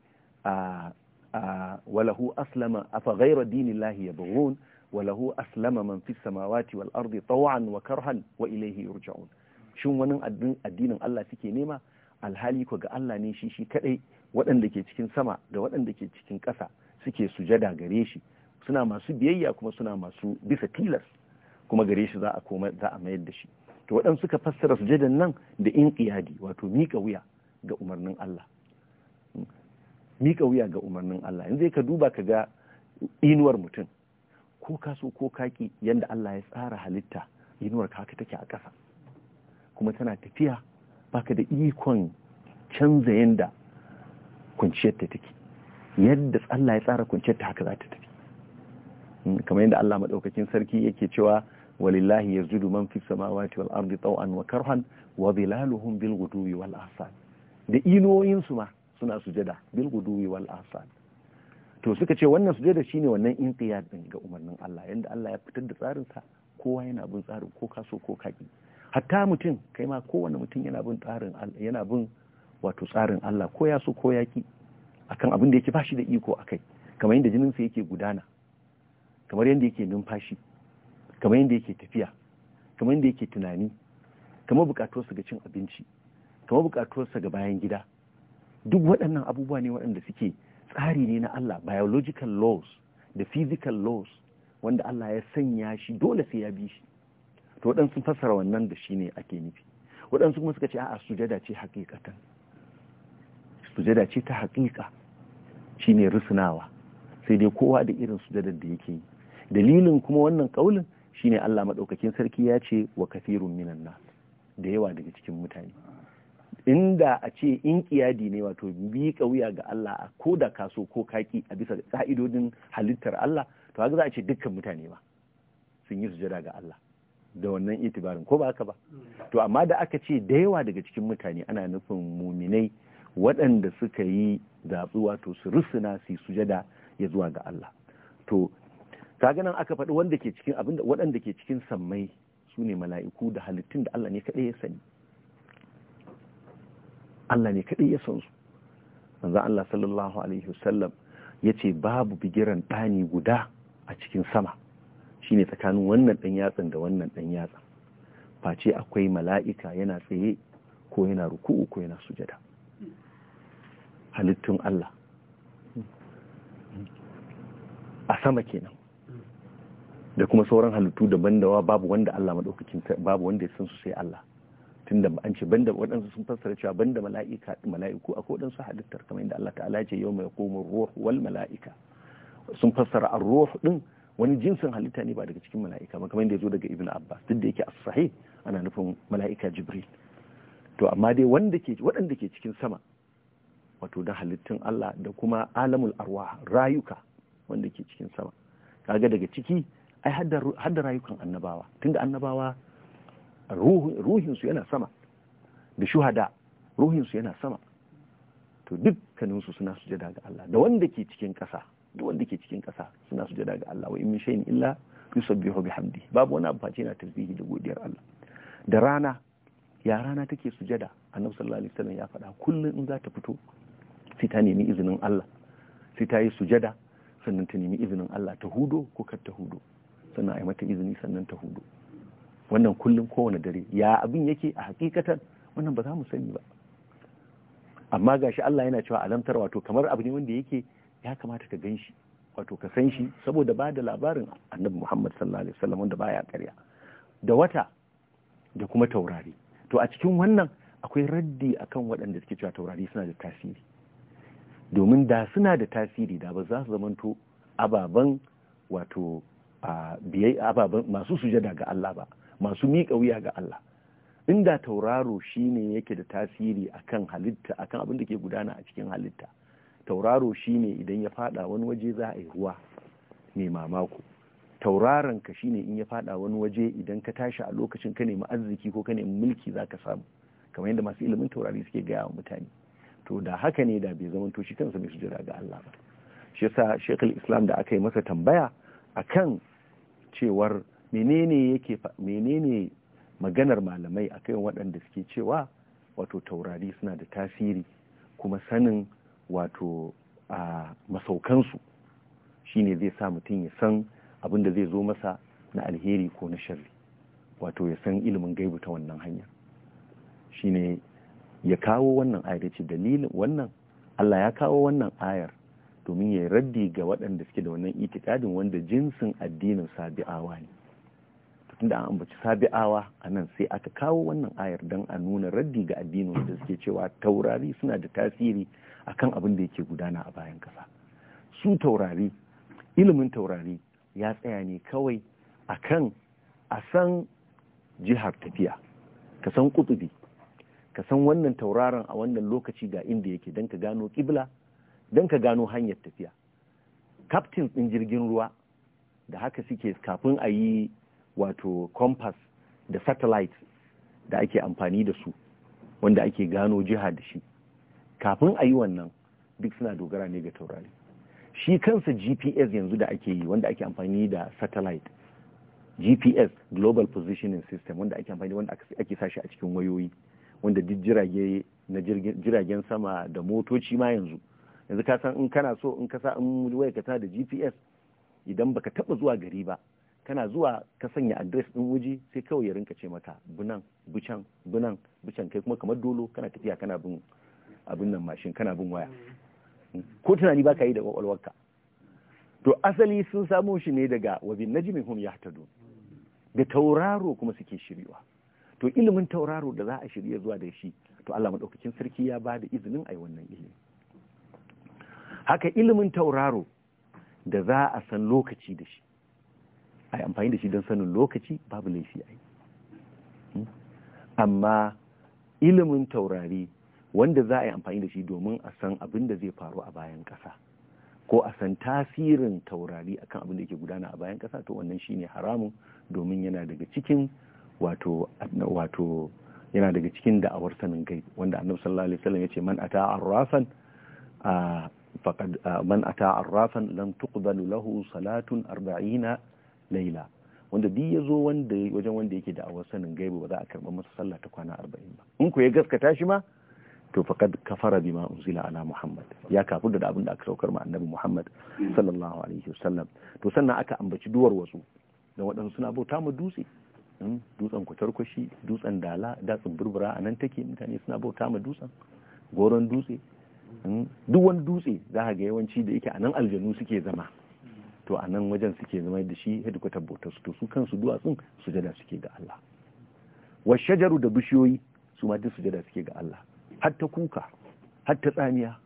Speaker 1: walahu aslama afa ghayra dinillahi yabghun walahu aslama man fis samawati wal ardi taw'an wa karhan wa ilayhi yurja'un shin wani addinin Allah suke nema alhali ko ga Allah ne shi shi kadai waɗanda ke cikin sama da waɗanda ke cikin ƙasa suke sujada gare shi suna masu biyayya kuma suna masu bisa tilas kuma gare shi za a mayar da shi to waɗansu suka fassara sujadan nan da ƙiyadi wato miƙa wuya ga umarnin Allah Miƙa wuya ga umarnin Allah yanzu ka duba ka ga inuwar mutum ko ka so ko kaki yanda Allah ya tsara halitta inuwar ka take a ƙasa kuma tana tafiya baka da ikon canza yanda kunciyar ta take yadda Allah ya tsara kunciyar ta haka za ta tafi hmm, kamar yadda Allah maɗaukakin sarki yake cewa walillahi yazidu man fi samawati wal ardi taw'an wa karhan wa dhilaluhum bil ghudwi wal asal da inoyin su ma suna sujada bil ghudwi wal asal to suka ce wannan sujada shine wannan inqiyad din ga umarnin Allah yanda Allah ya fitar da tsarin sa kowa yana bin tsarin ko kaso ko kaki hatta mutum kai ma kowanne mutum yana bin tsarin Allah yana bin wato tsarin Allah ko ya ko yaki akan abin da yake bashi da iko akai kamar yadda jinin sa yake gudana kamar yadda yake numfashi kamar yadda yake tafiya kamar yadda yake tunani kamar bukatuwarsa ga cin abinci kamar bukatuwarsa ga bayan gida duk waɗannan abubuwa ne waɗanda suke tsari ne na Allah biological laws da physical laws wanda Allah ya sanya shi dole sai ya bi shi to waɗansu fassara wannan da shi ne ake nufi waɗansu kuma suka ce a'a sujada ce hakikatan sujada ce ta hakika shine rusunawa sai dai kowa da irin sujadar da yake yi dalilin kuma wannan kaulin shine Allah madaukakin sarki ya ce wa kafirun minan nas da yawa daga cikin mutane inda a ce in kiyadi ne wato bi kauya ga Allah a ko da kaso ko kaki a bisa ka'idodin halittar Allah to haka za a ce dukkan mutane ba sun yi sujada ga Allah da wannan itibarin ko ba haka ba to amma da aka ce da yawa daga cikin mutane ana nufin muminai waɗanda suka yi zaɓi wato su rusuna su yi sujada ya zuwa ga Allah to kaga nan aka faɗi wanda ke cikin abinda waɗanda ke cikin sammai su ne mala'iku da halittun da Allah ne kaɗai ya sani Allah ne kaɗai ya san su manzo Allah sallallahu alaihi wasallam yace babu bigiran ɗani guda a cikin sama shine tsakanin wannan ɗan yatsan da wannan ɗan yatsan face akwai mala'ika yana tsaye ko yana ruku'u ko yana sujada halittun Allah a sama kenan da kuma sauran halittu daban da babu wanda Allah madaukakin babu wanda ya san su sai Allah tunda an ce banda waɗansu sun fassara cewa banda mala'ika mala'iku akwai waɗansu halittar kamar yadda Allah ta'ala ce yau mai yaqumu ruh wal mala'ika sun fassara ar-ruh din wani jinsin halitta ne ba daga cikin mala'ika ba kamar yadda ya zo daga Ibn Abbas duk da yake as-sahih ana nufin mala'ika Jibril to amma dai wanda ke waɗanda ke cikin sama wato da halittun Allah da kuma alamul arwah rayuka wanda ke cikin sama kaga daga ciki ai hadda rayukan annabawa da annabawa ruhinsu yana sama da shuhada ruhinsu yana sama to dukkaninsu suna sujada ga Allah da wanda ke cikin ƙasa da wanda ke cikin ƙasa suna sujada ga Allah wa in min shay'in illa yusabbihu bihamdi babu wani abu face na tasbihi da godiyar Allah da rana ya rana take sujada annabi sallallahu alaihi wasallam ya faɗa kullun in za ta fito sai ta nemi izinin Allah sai ta yi sujada sannan ta nemi izinin Allah ta hudo ko kar ta hudo sannan a yi mata izini sannan ta hudu wannan kullum kowane dare ya abin yake a hakikatan wannan ba za mu sani ba amma gashi Allah yana cewa alamtar wato kamar abu ne wanda yake ya kamata ka gan shi wato ka san shi saboda ba da labarin annabi Muhammad sallallahu alaihi wasallam wanda baya karya da wata da kuma taurari to a cikin wannan akwai raddi akan waɗanda suke cewa taurari suna da tasiri domin da suna da tasiri da ba za su zamanto ababen wato biyai ababen masu sujada ga Allah ba masu miƙa wuya ga Allah inda tauraro shine yake da tasiri akan halitta akan abin da ke gudana a cikin halitta tauraro shine idan ya fada wani waje za a yi ruwa mai mamako tauraron ka shine in ya fada wani waje idan ka tashi a lokacin ka nemi arziki ko ka nemi mulki zaka samu kamar yadda masu ilimin taurari suke gaya wa mutane to da haka ne da bai zamanto shi kansa mai sujada ga Allah ba shi yasa Sheikh islam da aka yi masa tambaya akan cewar menene yake menene maganar malamai akan waɗanda suke cewa wato taurari suna da tasiri kuma sanin wato a masaukansu shine zai sa mutum ya san abin da zai zo masa na alheri ko na sharri wato ya san ilimin gaibu ta wannan hanya shine ya kawo wannan ayar ya ce dalilin wannan Allah ya kawo wannan ayar domin ya raddi ga waɗanda suke da wannan itikadin wanda jinsin addinin sabi'awa ne da an ambaci sabi'awa a nan sai aka kawo wannan ayar don a nuna raddi ga addinin wanda suke cewa taurari suna da tasiri akan abin da yake gudana a bayan kasa su taurari ilimin taurari ya tsaya ne kawai akan a san jihar tafiya ka san kutubi ka san wannan tauraron a wannan lokaci ga inda yake don ka gano kibla don ka gano hanyar tafiya Kaftin ɗin jirgin ruwa da haka suke kafin a yi wato compass da satellite da ake amfani da su wanda ake gano jiha da shi kafin a yi wannan duk suna dogara ne ga taurari shi kansa gps yanzu da ake yi wanda ake amfani da satellite gps global positioning system wanda ake amfani wanda ake sashi a cikin wayoyi wanda duk jirage na jiragen sama da motoci ma yanzu yanzu ka san in kana so in kasa sa in waya ka da GPS idan baka taba zuwa gari ba kana zuwa ka sanya address din wuji sai kawai ya rinka ce maka bunan bucan bunan bucan kai kuma kamar dolo kana tafiya kana bin abin nan mashin kana bin waya mm. ko tunani baka yi da kwakwalwarka to asali sun samo shi ne daga wabin najmi hum yahtadu da tauraro kuma suke shiriwa to ilimin tauraro da za a shirya zuwa da shi to Allah madaukakin sarki ya bada da izinin ai wannan ilimi haka ilimin tauraro da za a san lokaci da shi a yi amfani da shi don sanin lokaci babu laifi a yi hmm? amma ilimin taurari wanda za a yi amfani da shi domin a san abin da zai faru a bayan ƙasa ko a san tasirin taurari akan abin da ke gudana a bayan ƙasa to wannan shine haramun domin yana daga cikin wato wato yana daga cikin da'awar sanin gai wanda annabi sallallahu alaihi wasallam yace man ata arrasan ah, فقد من أتى عرافا لم تقبل له صلاة أربعين ليلة wanda duk ya zo wanda wajen wanda yake da awar sanin gaibu ba za a karɓa masa sallah ta kwana arba'in ba in ku ya gaskata shi ma to faqad kafara bima unzila ala muhammad ya kafir da abin da aka saukar ma annabi muhammad sallallahu alaihi wasallam to sannan aka ambaci duwar wasu da waɗansu suna bauta ma dutse dutsen kwatarkwashi dutsen dala datsin burbura a nan take mutane suna bauta ma dutsen goron dutse Hmm? duk wani dutse za ka ga yawanci da yake a nan aljanu suke zama to a nan wajen suke zama da shi hedikwatar bautar su to su kansu duwatsun jada suke ga Allah wa shajaru da bishiyoyi su ma duk su jada suke ga Allah hatta kuka hatta tsamiya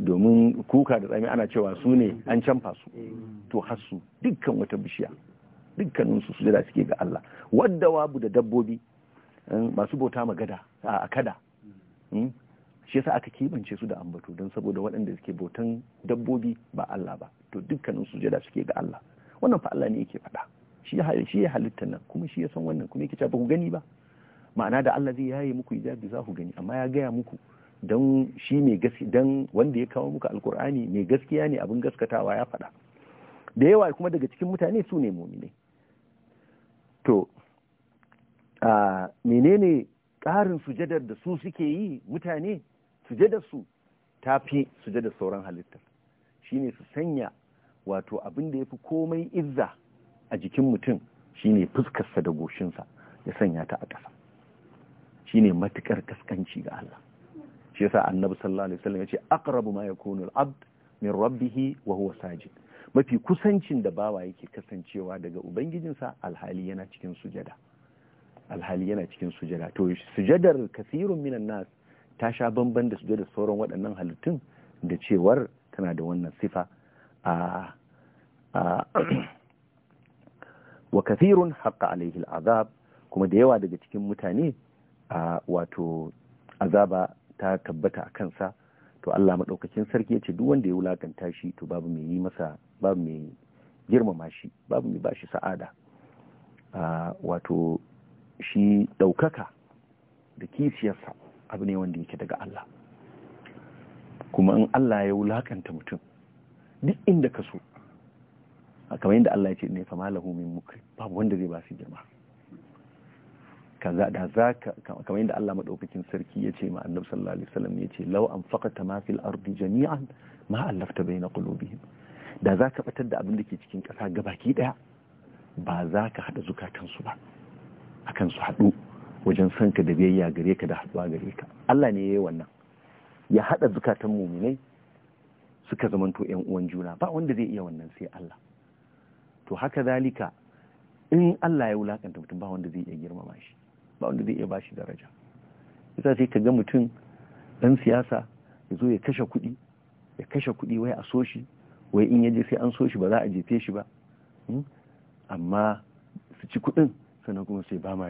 Speaker 1: domin kuka da tsamiya ana cewa su ne an canfa su to har su dukkan wata bishiya dukkanin su jada suke ga Allah wadda wabu da dabbobi hmm, masu bauta magada a kada hmm? shi yasa aka kebance su da ambato don saboda waɗanda suke bautan dabbobi ba Allah ba to dukkanin sujada suke ga Allah wannan fa Allah ne yake faɗa shi ya halitta nan kuma shi ya san wannan kuma yake cewa ba ku gani ba ma'ana da Allah zai yaye muku ijabi za ku gani amma ya gaya muku don shi mai gaskiya don wanda ya kawo muku alkur'ani mai gaskiya ne abin gaskatawa ya faɗa da yawa kuma daga cikin mutane su ne mumine to a menene ƙarin sujadar da su suke yi mutane da su ta fi da sauran halittar shine su sanya wato abin da ya fi komai izza a jikin mutum shine fuskarsa da goshinsa ya sanya ta a ƙasa shine matukar kaskanci ga Allah shi yasa annabi sallallahu alaihi wasallam yace aqrabu ma yakunu al-abd min rabbihi wa huwa sajid mafi kusancin da bawa yake kasancewa daga ubangijinsa alhali yana cikin sujada alhali yana cikin sujada to sujadar kasirun minan nas ta sha bamban da su da sauran waɗannan halittun da cewar tana da wannan sifa a wa kathirun haƙa alaihi al'azab kuma da yawa daga cikin mutane a wato azaba ta tabbata a kansa to Allah maɗaukakin sarki ya ce duk wanda ya wulakanta shi to babu mai yi masa babu mai girmama shi babu mai bashi sa'ada wato shi ɗaukaka da kishiyarsa abu ne wanda yake daga Allah kuma in Allah ya wulakanta mutum duk inda ka so kamar yadda Allah ya ce ne fama lahu min mukri babu wanda zai ba su girma kaza da zaka kamar yadda Allah madaukakin sarki ya ce ma annabi sallallahu alaihi wasallam ya ce law fakata ma fil ardi jami'an ma allafta baina qulubihim da zaka batar da abin da ke cikin kasa gabaki daya ba za ka hada zukatansu ba akan su hadu wajen son ka da biyayya gare ka da haɗuwa gare ka Allah ne yayi wannan ya haɗa zukatan muminai suka zamanto ƴan uwan juna ba wanda zai iya wannan sai Allah to haka zalika in Allah ya wulakanta mutum ba wanda zai iya girmama shi ba wanda zai iya bashi daraja yasa sai ka ga mutum dan siyasa ya zo ya kashe kuɗi ya kashe kuɗi wai a so shi wai in yaje sai an so shi ba za a jefe shi ba hmm? amma su ci kuɗin sannan kuma sai ba ma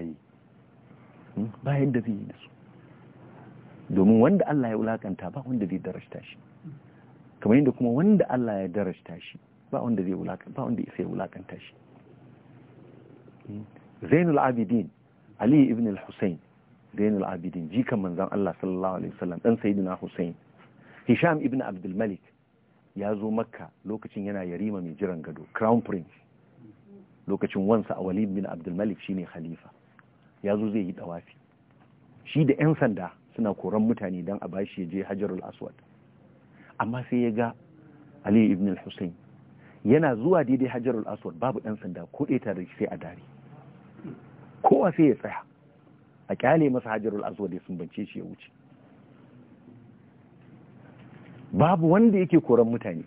Speaker 1: ba yadda zai yi da su domin wanda Allah ya wulakanta ba wanda zai darasta shi kamar yadda kuma wanda Allah ya darasta shi ba wanda zai wulakanta ba wanda sai wulakanta shi Zainul Abidin Ali ibn al-Husayn Zainul Abidin jikan manzon Allah sallallahu alaihi wasallam dan sayyidina Husayn Hisham ibn Abdul Malik ya zo Makka lokacin yana yarima mai jiran gado Crown Prince lokacin wansa a Walid bin Abdul Malik shine khalifa ya zo zai yi tawafi shi da 'yan sanda suna koran mutane don a bashi ya je hajarul aswad amma sai ya ga ali ibn al-hussein yana zuwa daidai hajarul aswad babu 'yan sanda ko ɗaya tare sai a dare kowa sai ya tsaya a kyale masa hajarul aswad ya sumbance shi ya wuce babu wanda yake koran mutane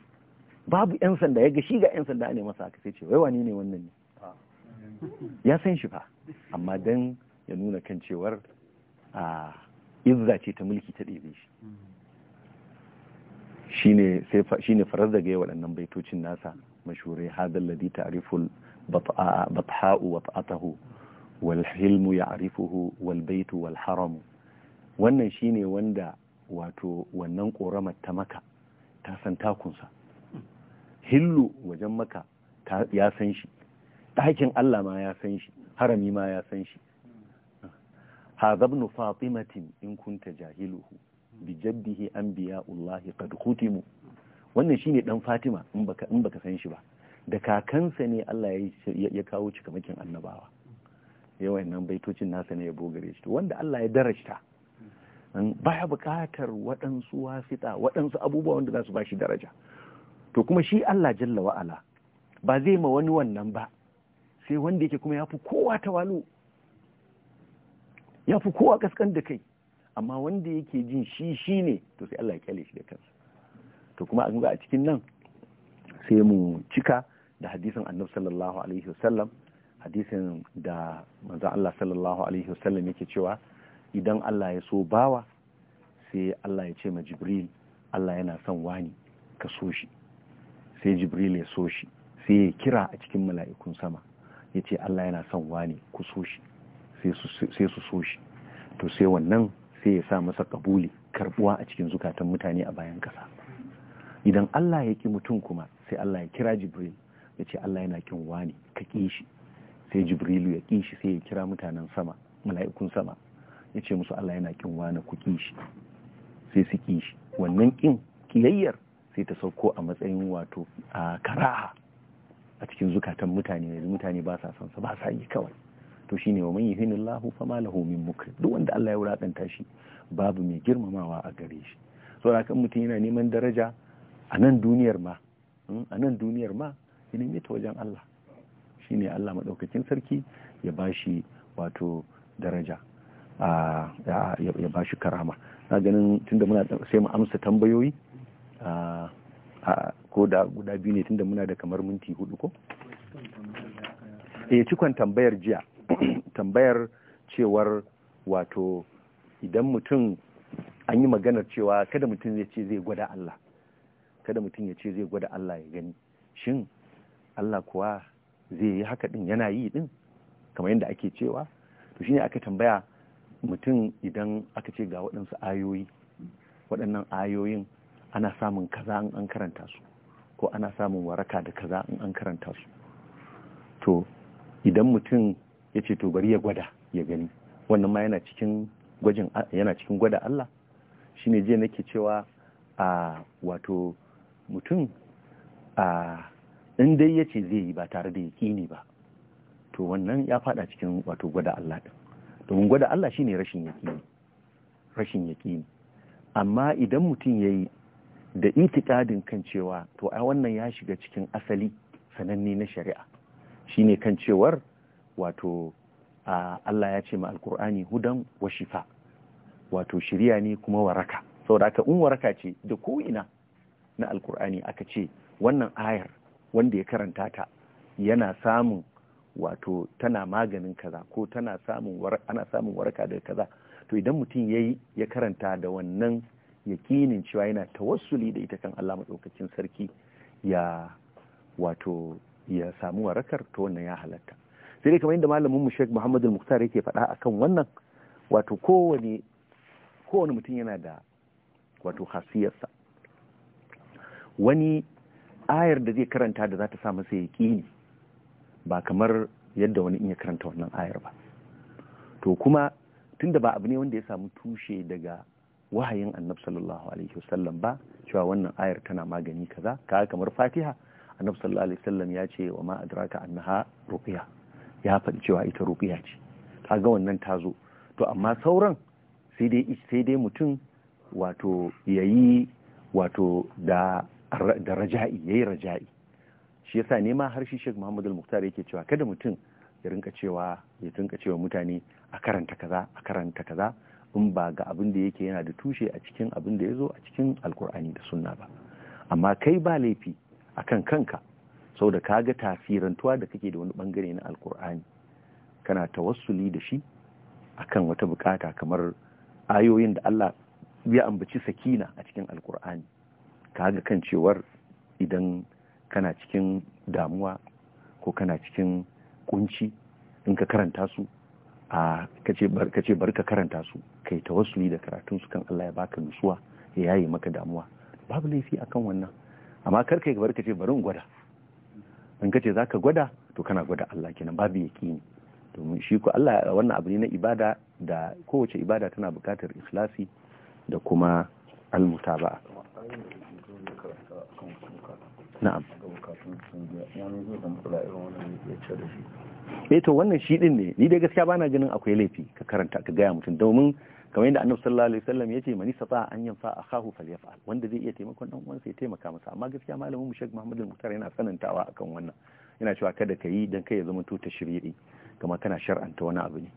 Speaker 1: babu 'yan sanda ya ga shi ga 'yan sanda ne masa aka sai ce wai wani ne wannan ne ah. ya san shi fa amma dan ya nuna kan cewar a izza ce ta mulki ta ɗebe shi Shi ne farar da gaya waɗannan baitocin nasa mashure hadal ladhi ta'riful batha'u wa ta'atahu wal hilmu ya'rifuhu wal baitu wal haram wannan ne wanda wato wannan ƙoramar ta maka ta san takunsa hillu wajen maka ya san shi ɗakin Allah ma ya san shi harami ma ya san shi hazabnu fatimatin in kunta jahiluhu bi jaddihi ullahi qad khutimu wannan shine dan fatima in baka in baka san shi ba da kakansa ne Allah ya kawo cikamakin annabawa yau nan baitocin nasa ne ya bogare shi wanda Allah ya darajta baya bukatar waɗansu wasita waɗansu abubuwa wanda za su ba daraja to kuma shi Allah jalla wa'ala ba zai ma wani wannan ba sai wanda yake kuma ya fi kowa tawalu ya fi kowa kaskan da kai amma wanda yake jin shi shi ne to sai Allah ya kyale shi da kansa to kuma a a cikin nan sai mu cika da hadisin annabi sallallahu alaihi wasallam hadisin da manzo Allah sallallahu alaihi wasallam yake cewa idan Allah ya so bawa sai Allah ya ce ma Jibril Allah yana son wani ka so shi sai Jibril ya so shi sai ya kira a cikin mala'ikun sama ya ce Allah yana son wani ku so shi sai su so shi to sai wannan sai ya sa masa kabuli karbuwa a cikin zukatan mutane a bayan kasa idan Allah ya ki mutum kuma sai Allah ya kira Jibril ya ce Allah yana kin wani ka ki shi sai jibril ya ki shi sai ya kira mutanen sama mala'ikun sama ya ce musu Allah yana kin wani ku ki shi sai su ki shi wannan kin kiyayyar sai ta sauko a matsayin wato a karaha a cikin zukatan mutane yanzu mutane ba sa sansa ba sa yi kawai to shi ne wa man yuhinillahu fama lahu min mukrim duk wanda Allah ya wulakanta shi babu mai girmamawa a gare shi saboda kan mutum yana neman daraja a nan duniyar ma hmm, a nan duniyar ma ya neme ta wajen Allah shine Allah madaukakin sarki ya ba shi wato daraja ya ba shi karama na ganin tunda muna sai mu amsa tambayoyi ko da guda biyu ne tunda muna da kamar minti hudu ko eh cikon tambayar jiya tambayar cewar wato idan mutum an yi maganar cewa kada mutum ya ce zai gwada Allah kada mutum ya ce zai gwada Allah ya gani shin Allah kuwa zai yi haka din yana yi din kamar yadda ake cewa to shine aka tambaya mutum idan aka ce ga waɗansu ayoyi waɗannan ayoyin ana samun kaza an karanta su ko ana samun waraka da kaza in an karanta su to idan mutum ya ce to bari ya gwada ya gani wannan ma yana cikin gwajin yana cikin gwada Allah shine je nake cewa a wato mutum a in dai ya ce zai yi ba tare da yaƙini ba to wannan ya fada cikin wato gwada Allah din domin gwada Allah shine rashin yaƙini rashin yaƙini amma idan mutum ya yi da itikadin kan cewa to a wannan ya shiga cikin asali sananne na shari'a shine kan cewar wato Allah ya ce ma alkur'ani hudan wa shifa wato shirya ne kuma waraka saboda haka in waraka ce da ko na alkur'ani aka ce wannan ayar wanda ya karanta ta yana samun wato tana maganin kaza ko tana samun ana samun waraka daga kaza to idan mutum yayi ya karanta da wannan Yakinin cewa yana tawassuli da ita kan Allah maɗaukacin sarki ya wato ya samu warakar to wannan ya halatta sai dai kamar yadda malamin mu Sheikh Muhammad Al-Muqtar yake faɗa akan wannan wato kowane mutum yana da wato hasiyarsa wani ayar da zai karanta da za ta sa masa yaƙini ba kamar yadda wani in ya karanta wannan ayar ba to kuma tunda ba abu ne wanda ya samu tushe daga wahayin annabi sallallahu alaihi wasallam ba cewa wannan ayar tana magani kaza Ka kamar fatiha Annab sallallahu alaihi wasallam ya ce wa ma adraka annaha ruqiya ya faɗi cewa ita ruqiya ce kaga wannan ta zo to amma sauran sai dai sai dai mutum wato yayi wato da da raja'i yayi raja'i shi yasa ne ma har shi Sheikh Muhammad Al-Muqtar yake cewa kada mutum ya rinka cewa ya rinka cewa mutane a karanta kaza a karanta kaza in ba ga abin da yake yana da tushe a cikin abin da ya zo a cikin alkur'ani da sunna ba amma kai ba laifi a kan kanka sau da kaga tasirantuwa da kake da wani bangare na alkur'ani kana tawassuli da shi a kan wata bukata kamar ayoyin da Allah ya ambaci sakina a cikin alkur'ani kaga kan cewar idan kana cikin damuwa ko kana cikin kunci in ka karanta su a kace bar ka karanta su kai ta tawassuli da karatun su kan Allah ya baka nutsuwa ya yaye maka damuwa babu laifi akan wannan amma kar kai bar kace bari in gwada in kace zaka gwada to kana gwada Allah kenan babu yakini domin shi ko Allah wannan abu ne na ibada da kowace ibada tana buƙatar ikhlasi da kuma almutaba'a na'am eh to wannan shi din ne ni dai gaskiya bana ganin akwai laifi ka karanta ka gaya mutum domin kamar yadda annabi sallallahu alaihi wasallam yace mani yastata an yanfa akahu falyaf'al wanda zai iya taimakon dan uwansa ya taimaka masa amma gaskiya malamin mu Sheikh Muhammad al-Mukhtar yana sanantawa akan wannan yana cewa kada ka yi dan kai ya zama to tashriri kamar kana shar'anta wani abu ne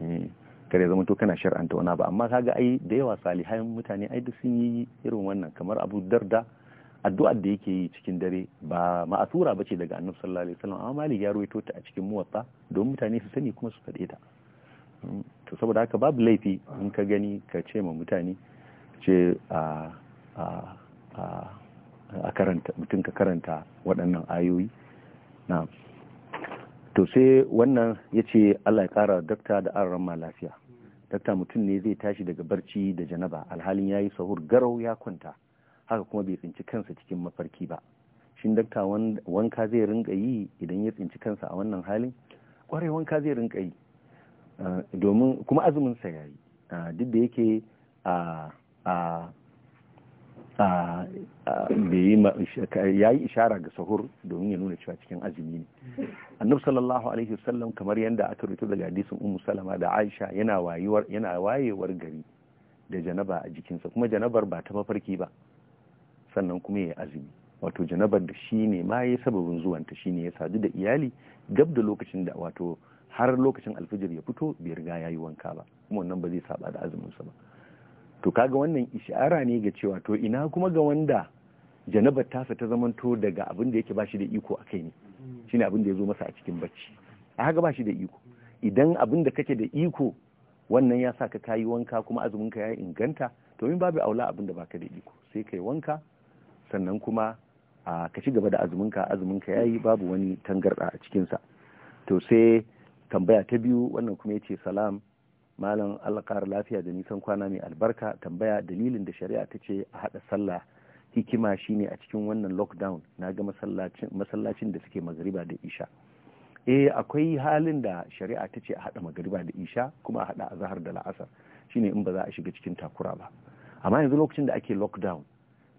Speaker 1: eh, kada ya zama to kana shar'anta wani abu amma kaga ai da yawa salihan mutane ai duk sun yi irin wannan kamar Abu Darda addu'ar da yake yi cikin dare ba ma'asura bace daga annabi sallallahu alaihi wasallam amma malik ya ruwaito ta a cikin muwatta don mutane su sani kuma su faɗe ta hmm, to saboda haka babu laifi in ka gani ka ce ma mutane ce a a a karanta mutum ka karanta waɗannan ayoyi na to sai wannan yace Allah ya kara dakta da arran ma lafiya dakta mutum ne zai tashi daga barci da janaba alhalin yayi sahur garau ya kwanta haka kuma bai tsinci kansa cikin mafarki ba shin dakta wanka zai rinka yi idan ya tsinci kansa a wannan halin kwarai wanka zai rinka yi domin kuma azumin sa yayi duk da yake a a ya yi ishara ga sahur domin ya nuna cewa cikin azumi ne annabi sallallahu alaihi wasallam kamar yadda aka rubuta daga hadisin ummu salama da aisha yana wayewar gari da janaba a jikinsa kuma janabar ba ta mafarki ba sannan kuma ya azumi wato janabar da shi ne ma ya sababin zuwanta shi ne ya sadu da iyali gab da lokacin da wato har lokacin alfijir ya fito bai riga ya yi wanka ba kuma wannan ba zai saba da azumin sa ba to kaga wannan ishara ne ga cewa to ina kuma ga wanda janabar tasa ta zamanto daga abin da yake bashi da iko a kai ne shine abin da ya zo masa a cikin bacci a haka bashi da iko idan abin da kake da iko wannan ya sa ka kayi wanka kuma azumin ka ya inganta to in babu aula abin da baka da iko sai kai wanka sannan kuma ka ci gaba da azuminka azuminka ya yi babu wani tangarɗa a cikinsa to sai tambaya ta biyu wannan kuma ya ce salam malam alƙar lafiya da nisan kwana mai albarka tambaya dalilin da shari'a ta ce a haɗa sallah hikima shine a cikin wannan lockdown na ga masallacin da suke magariba da isha eh akwai halin da shari'a ta ce a haɗa magariba da isha kuma a haɗa azahar da la'asar shine in ba za a shiga cikin takura ba amma yanzu lokacin da ake lockdown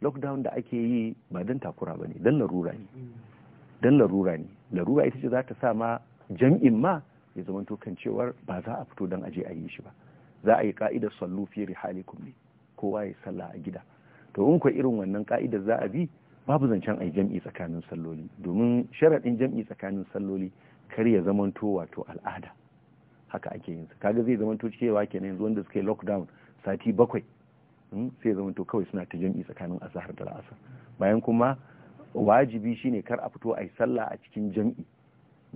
Speaker 1: lockdown da ake yi ba don takura ba ne don larura ne don larura ne larura ita ce za ta sa ma jam'in ma ya zama kan cewar ba za a fito don aje a yi shi ba za a yi ka'idar sallu fi hali ne kowa ya sallah a gida to in kwa irin wannan ka'idar za a bi babu zancen a yi jam'i tsakanin salloli domin sharaɗin jam'i tsakanin salloli kar ya zamanto wato al'ada haka ake yin kaga zai zamanto cewa kenan yanzu wanda suka yi lockdown sati bakwai Hmm? sai zama to kawai suna ta jam'i tsakanin azahar da la'asar bayan kuma wajibi shine kar a fito a yi sallah a cikin jam'i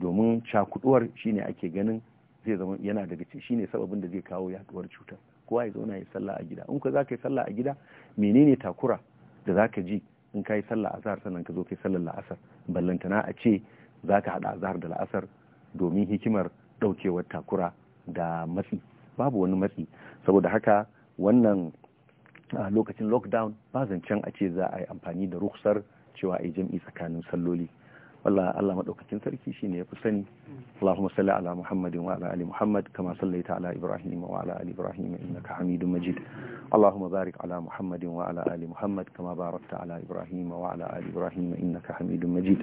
Speaker 1: domin cakuduwar shine ake ganin zai zama yana daga cikin shine sababin da zai kawo yaduwar cutar kowa ya zauna ya sallah a gida in ka ka yi sallah a gida menene takura da za ka ji in ka yi sallah zahar sannan ka zo kai sallar la'asar ballantana a ce za zaka hada azahar da la'asar domin hikimar ɗaukewar takura da matsi babu wani matsi saboda haka wannan a lokacin lockdown ba zancen a ce za a yi amfani da ruksar cewa a jam'i tsakanin salloli wallah Allah madaukakin sarki shine yafi sani Allahumma salli ala Muhammadin wa ala ali Muhammad kama sallaita ala Ibrahim wa ala ali Ibrahim innaka Hamidum Majid Allahumma barik ala Muhammadin wa ala ali Muhammad kama barakta ala Ibrahim wa ala ali Ibrahim innaka Hamidum Majid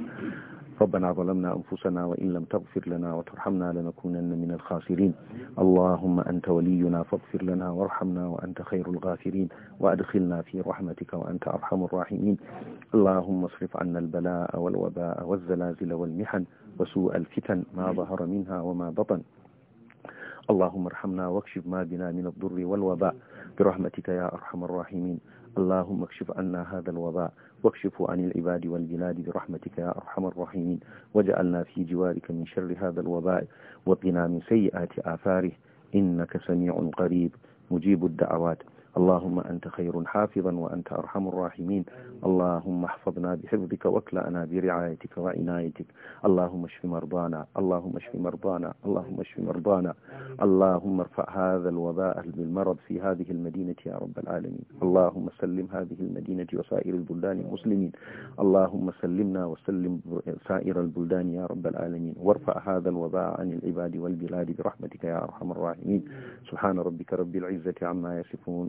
Speaker 1: ربنا ظلمنا أنفسنا وإن لم تغفر لنا وترحمنا لنكونن من الخاسرين اللهم أنت ولينا فاغفر لنا وارحمنا وأنت خير الغافرين وأدخلنا في رحمتك وأنت أرحم الراحمين اللهم اصرف عنا البلاء والوباء والزلازل والمحن وسوء الفتن ما ظهر منها وما بطن اللهم ارحمنا واكشف ما بنا من الضر والوباء برحمتك يا أرحم الراحمين اللهم اكشف عنا هذا الوباء واكشفوا عن العباد والبلاد برحمتك يا أرحم الراحمين وجعلنا في جوارك من شر هذا الوباء وقنا من سيئات آثاره إنك سميع قريب مجيب الدعوات اللهم أنت خير حافظا وأنت أرحم الراحمين اللهم احفظنا بحفظك وكلأنا برعايتك وعنايتك اللهم اشف مرضانا اللهم اشف مرضانا اللهم اشف مرضانا اللهم ارفع هذا الوباء بالمرض في هذه المدينة يا رب العالمين اللهم سلم هذه المدينة وسائر البلدان المسلمين اللهم سلمنا وسلم سائر البلدان يا رب العالمين وارفع هذا الوباء عن العباد والبلاد برحمتك يا أرحم الراحمين سبحان ربك رب العزة عما يصفون